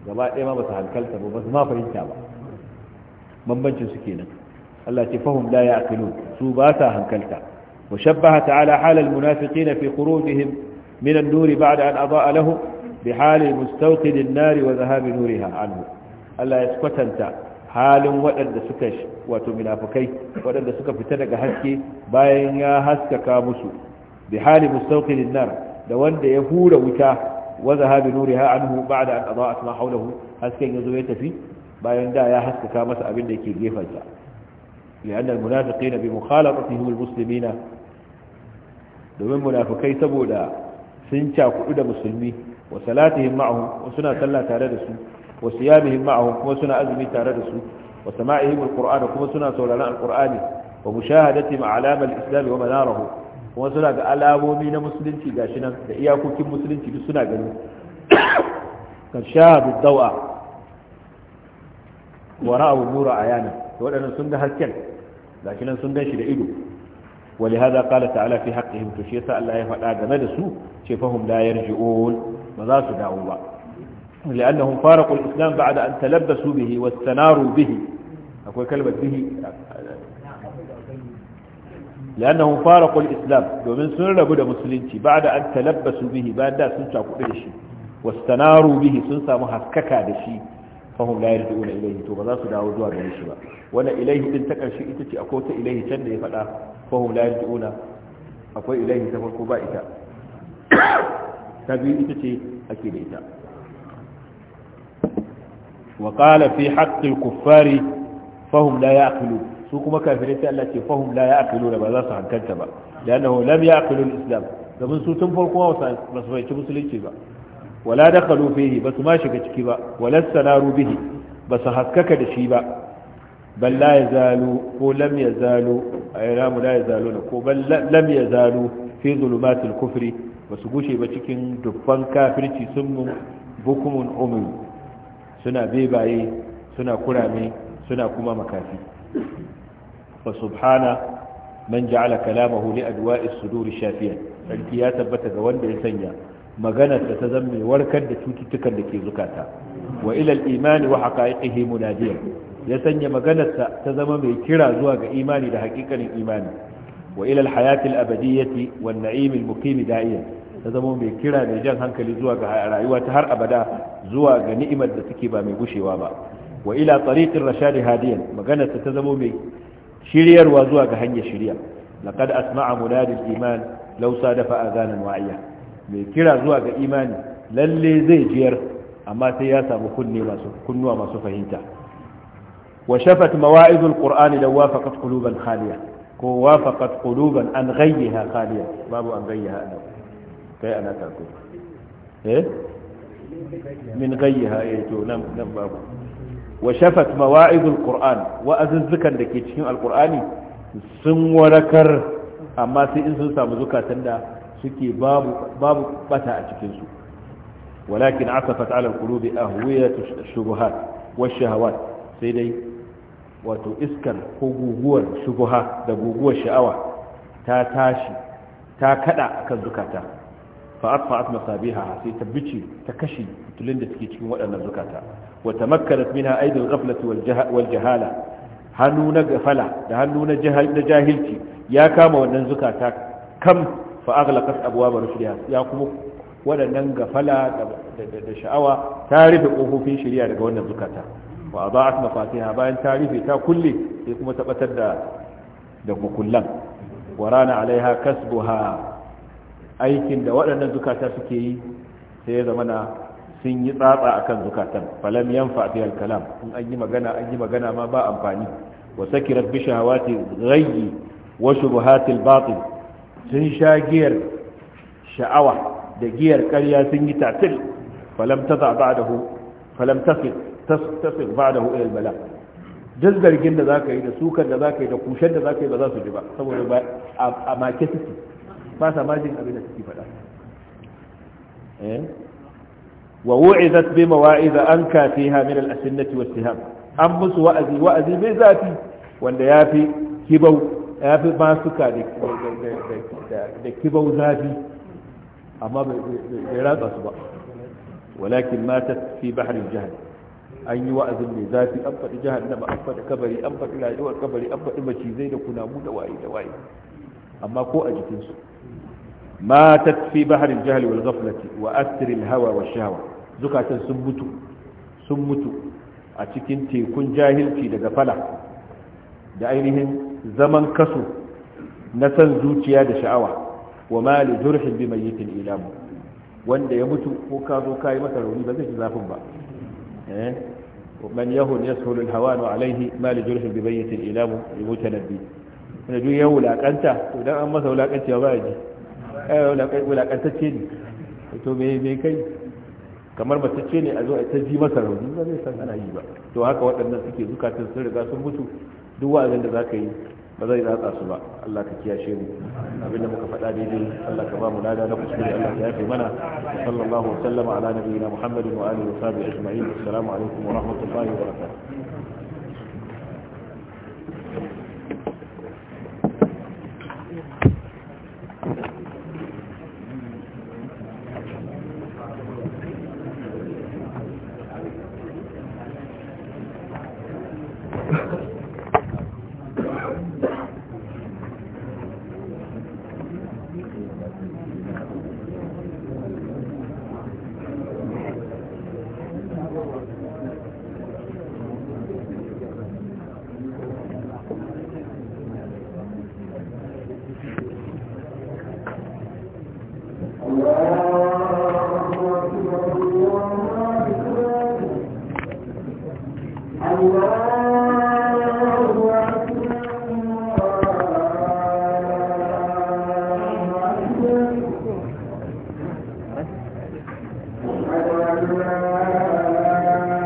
gaba ɗaya ma ba su hankalta ba ba su ma fahimta ba bambancin su kenan Allah ce fahum la ya'qilu su ba sa hankalta wa shabbaha ta'ala halal munafiqin fi khurujihim min an-nur ba'da an adaa lahu bi hali mustawqid an-nar wa dhahab nuriha anhu Allah ya kwatanta halin wadanda suka wato munafikai wadanda suka fita daga haske bayan ya haskaka musu bi hali mustawqid an-nar da wanda ya hura wuta wa dhahab nuriha anhu ba'da an adaa ma hawlahu hasken yazo ya tafi bayan da ya haskaka masa abin da yake gefensa لأن المنافقين بمخالطتهم المسلمين domin munafikai saboda sun cakudu da musulmi wa salatihim ma'ahum wa suna sallah tare da su wa siyamihim ma'ahum kuma suna azumi tare da su wa sama'ihim alqur'ana kuma suna sauraron alqur'ani wa mushahadati ma'alam alislam wa manarahu kuma suna ga alamomi na musulunci gashi nan da iyakokin musulunci duk suna gani (coughs) kan shahadu dawa wara abu bura a yanar da waɗannan sun ga hasken gashi nan sun ganshi da ido wali hada kala ta'ala fi haqqihim to shi yasa Allah ya faɗa game da su ce fahum la yarji'un ba za su dawo ba لأنهم فارقوا الإسلام بعد أن تلبسوا به واستناروا به أقول كلمة به لأنهم فارقوا الإسلام ومن سنة bihi مسلمتي da أن تلبسوا به بعد سنة أقول إشي sun samu haskaka da shi. fahim la yarji'un ilayhi to ba za su dawo zuwa gare shi ba wanda ilayhi din ta karshe ita ce akwai ta ilayhi can da ya faɗa fahim la yarji'una akwai ilayhi ta farko ba ita ta biyu ita ce ake da ita wa qala fi haqqi al-kuffari fahum la yaqilu su kuma kafirai sai Allah ce fahum la yaqilu ba za su hankalta ba da annahu lam yaqilu al-islam domin su tun farko ba su fahimci musulunci ba wala dakhalu fihi ba su ma shiga ciki ba wala sanaru bihi ba su haskaka da shi ba bal la yazalu ko lam yazalu ayramu la ko bal lam yazalu fi zulumatil kufri ba su gushe ba cikin dubban kafirci sun bukumun umum suna bebaye suna kurame suna kuma makafi fa subhana man ja'ala kalamahu li adwa'i as-sudur shafiyan sarki ya tabbata ga wanda ya sanya maganarsa ta zan mai warkar da cututtukan da ke zukata wa ilal imani wa haqa'iqihi munadiya ya sanya maganarsa ta zama mai kira zuwa ga imani da haƙiƙanin imani wa ilal hayati al abadiyyati wan na'im al muqim da'iya ta zama mai kira mai jan hankali zuwa ga rayuwa ta har abada zuwa ga ni'imar da take ba mai gushewa ba wa ila tariqir rashadi hadiyan maganarsa ta zama mai shiryarwa zuwa ga hanyar shiriya laqad asma'a munadi al iman law sadafa adhanan wa'iya mai kira zuwa ga imani lalle zai jiyar amma sai ya samu kunne masu kunnuwa masu fahimta wa shafat mawa'izul qur'ani law wafaqat quluban khaliya ko wafaqat quluban an ghayyaha khaliya babu an ghayyaha ana kai ana ta eh min ghayyaha eh to nan nan babu wa shafat mawa'izul qur'an wa azzukan dake cikin alqur'ani sun warakar amma sai in sun samu zukatan da suke babu bata a cikinsu walakin asafat ala alqulubi ahwiyat shubuhat washahawat sai dai wato iskar ko guguwar shubuha da guguwar sha'awa ta tashi ta kada akan zukata fa atfa'at masabiha sai ta bice ta kashi tulun da suke cikin waɗannan zukata wa tamakkanat minha aidul ghaflati wal jahala hannu na gafala da hannu na jahilci ya kama wannan zukata kam fa aghlaqat abwaab rushdiha ya kuma waɗannan gafala da sha'awa ta rufe kofofin shirya daga wannan zukata wa adaa'at mafatiha bayan ta rufe ta kulle sai kuma ta batar da da wa rana alaiha ha aikin da waɗannan zukata suke yi sai ya zama na sun yi tsatsa akan zukatan falam yan fi kalam in an yi magana an yi magana ma ba amfani wa sakirat bi ghayyi wa shubuhatil batil sun sha giyar sha'awa da giyar ƙarya sun yi tatil falam da hu falam tasir tasir ba'dahu ila bala duk zargin da ka yi da sukar da ka yi da kushen da ka yi ba za su ji ba saboda ba a make suke ba sa majin abin da suke faɗa eh wa wu'izat bi an anka fiha min al-asinnati was-siham an musu wa'azi wa'azi mai zafi wanda ya fi kibau ya fi ba suka da kibau zafi amma bai ratsa su ba walakin mata fi baharin jihar an yi wa'azin mai zafi an faɗi jihar nama an faɗi kabari an faɗi rayuwar kabari an faɗi macizai da kunamu da waye da waye amma ko a jikinsu matat fi baharin jihar wal ghaflati wa asirin hawa wa shawa zukatan sun mutu sun mutu a cikin tekun jahilci daga fala da ainihin zaman kaso na san zuciya da sha'awa wa ma li jurhin bi mayyitin ilamu wanda ya mutu ko ka zo kai masa rauni ba zai ji zafin ba eh man yahun yashul al hawan wa alayhi ma li jurhin bi mayyitin ilamu li mutanabbi ne duk ya wulakanta to dan an masa wulakanci ba ya ji eh wulakantacce ne to me me kai kamar ce ne a zo a ta ji masa rauni ba zai san ana yi ba to haka waɗannan suke zukatun sun riga sun mutu duk abin da za ka yi ba zai ratsa su ba Allah ka kiyashe mu abinda muka faɗa daidai Allah ka ba mu lada na kuskure Allah ya yafe mana sallallahu alaihi wa sallama ala nabiyina Muhammadin wa alihi wa sahbihi ajma'in assalamu alaikum wa rahmatullahi wa barakatuh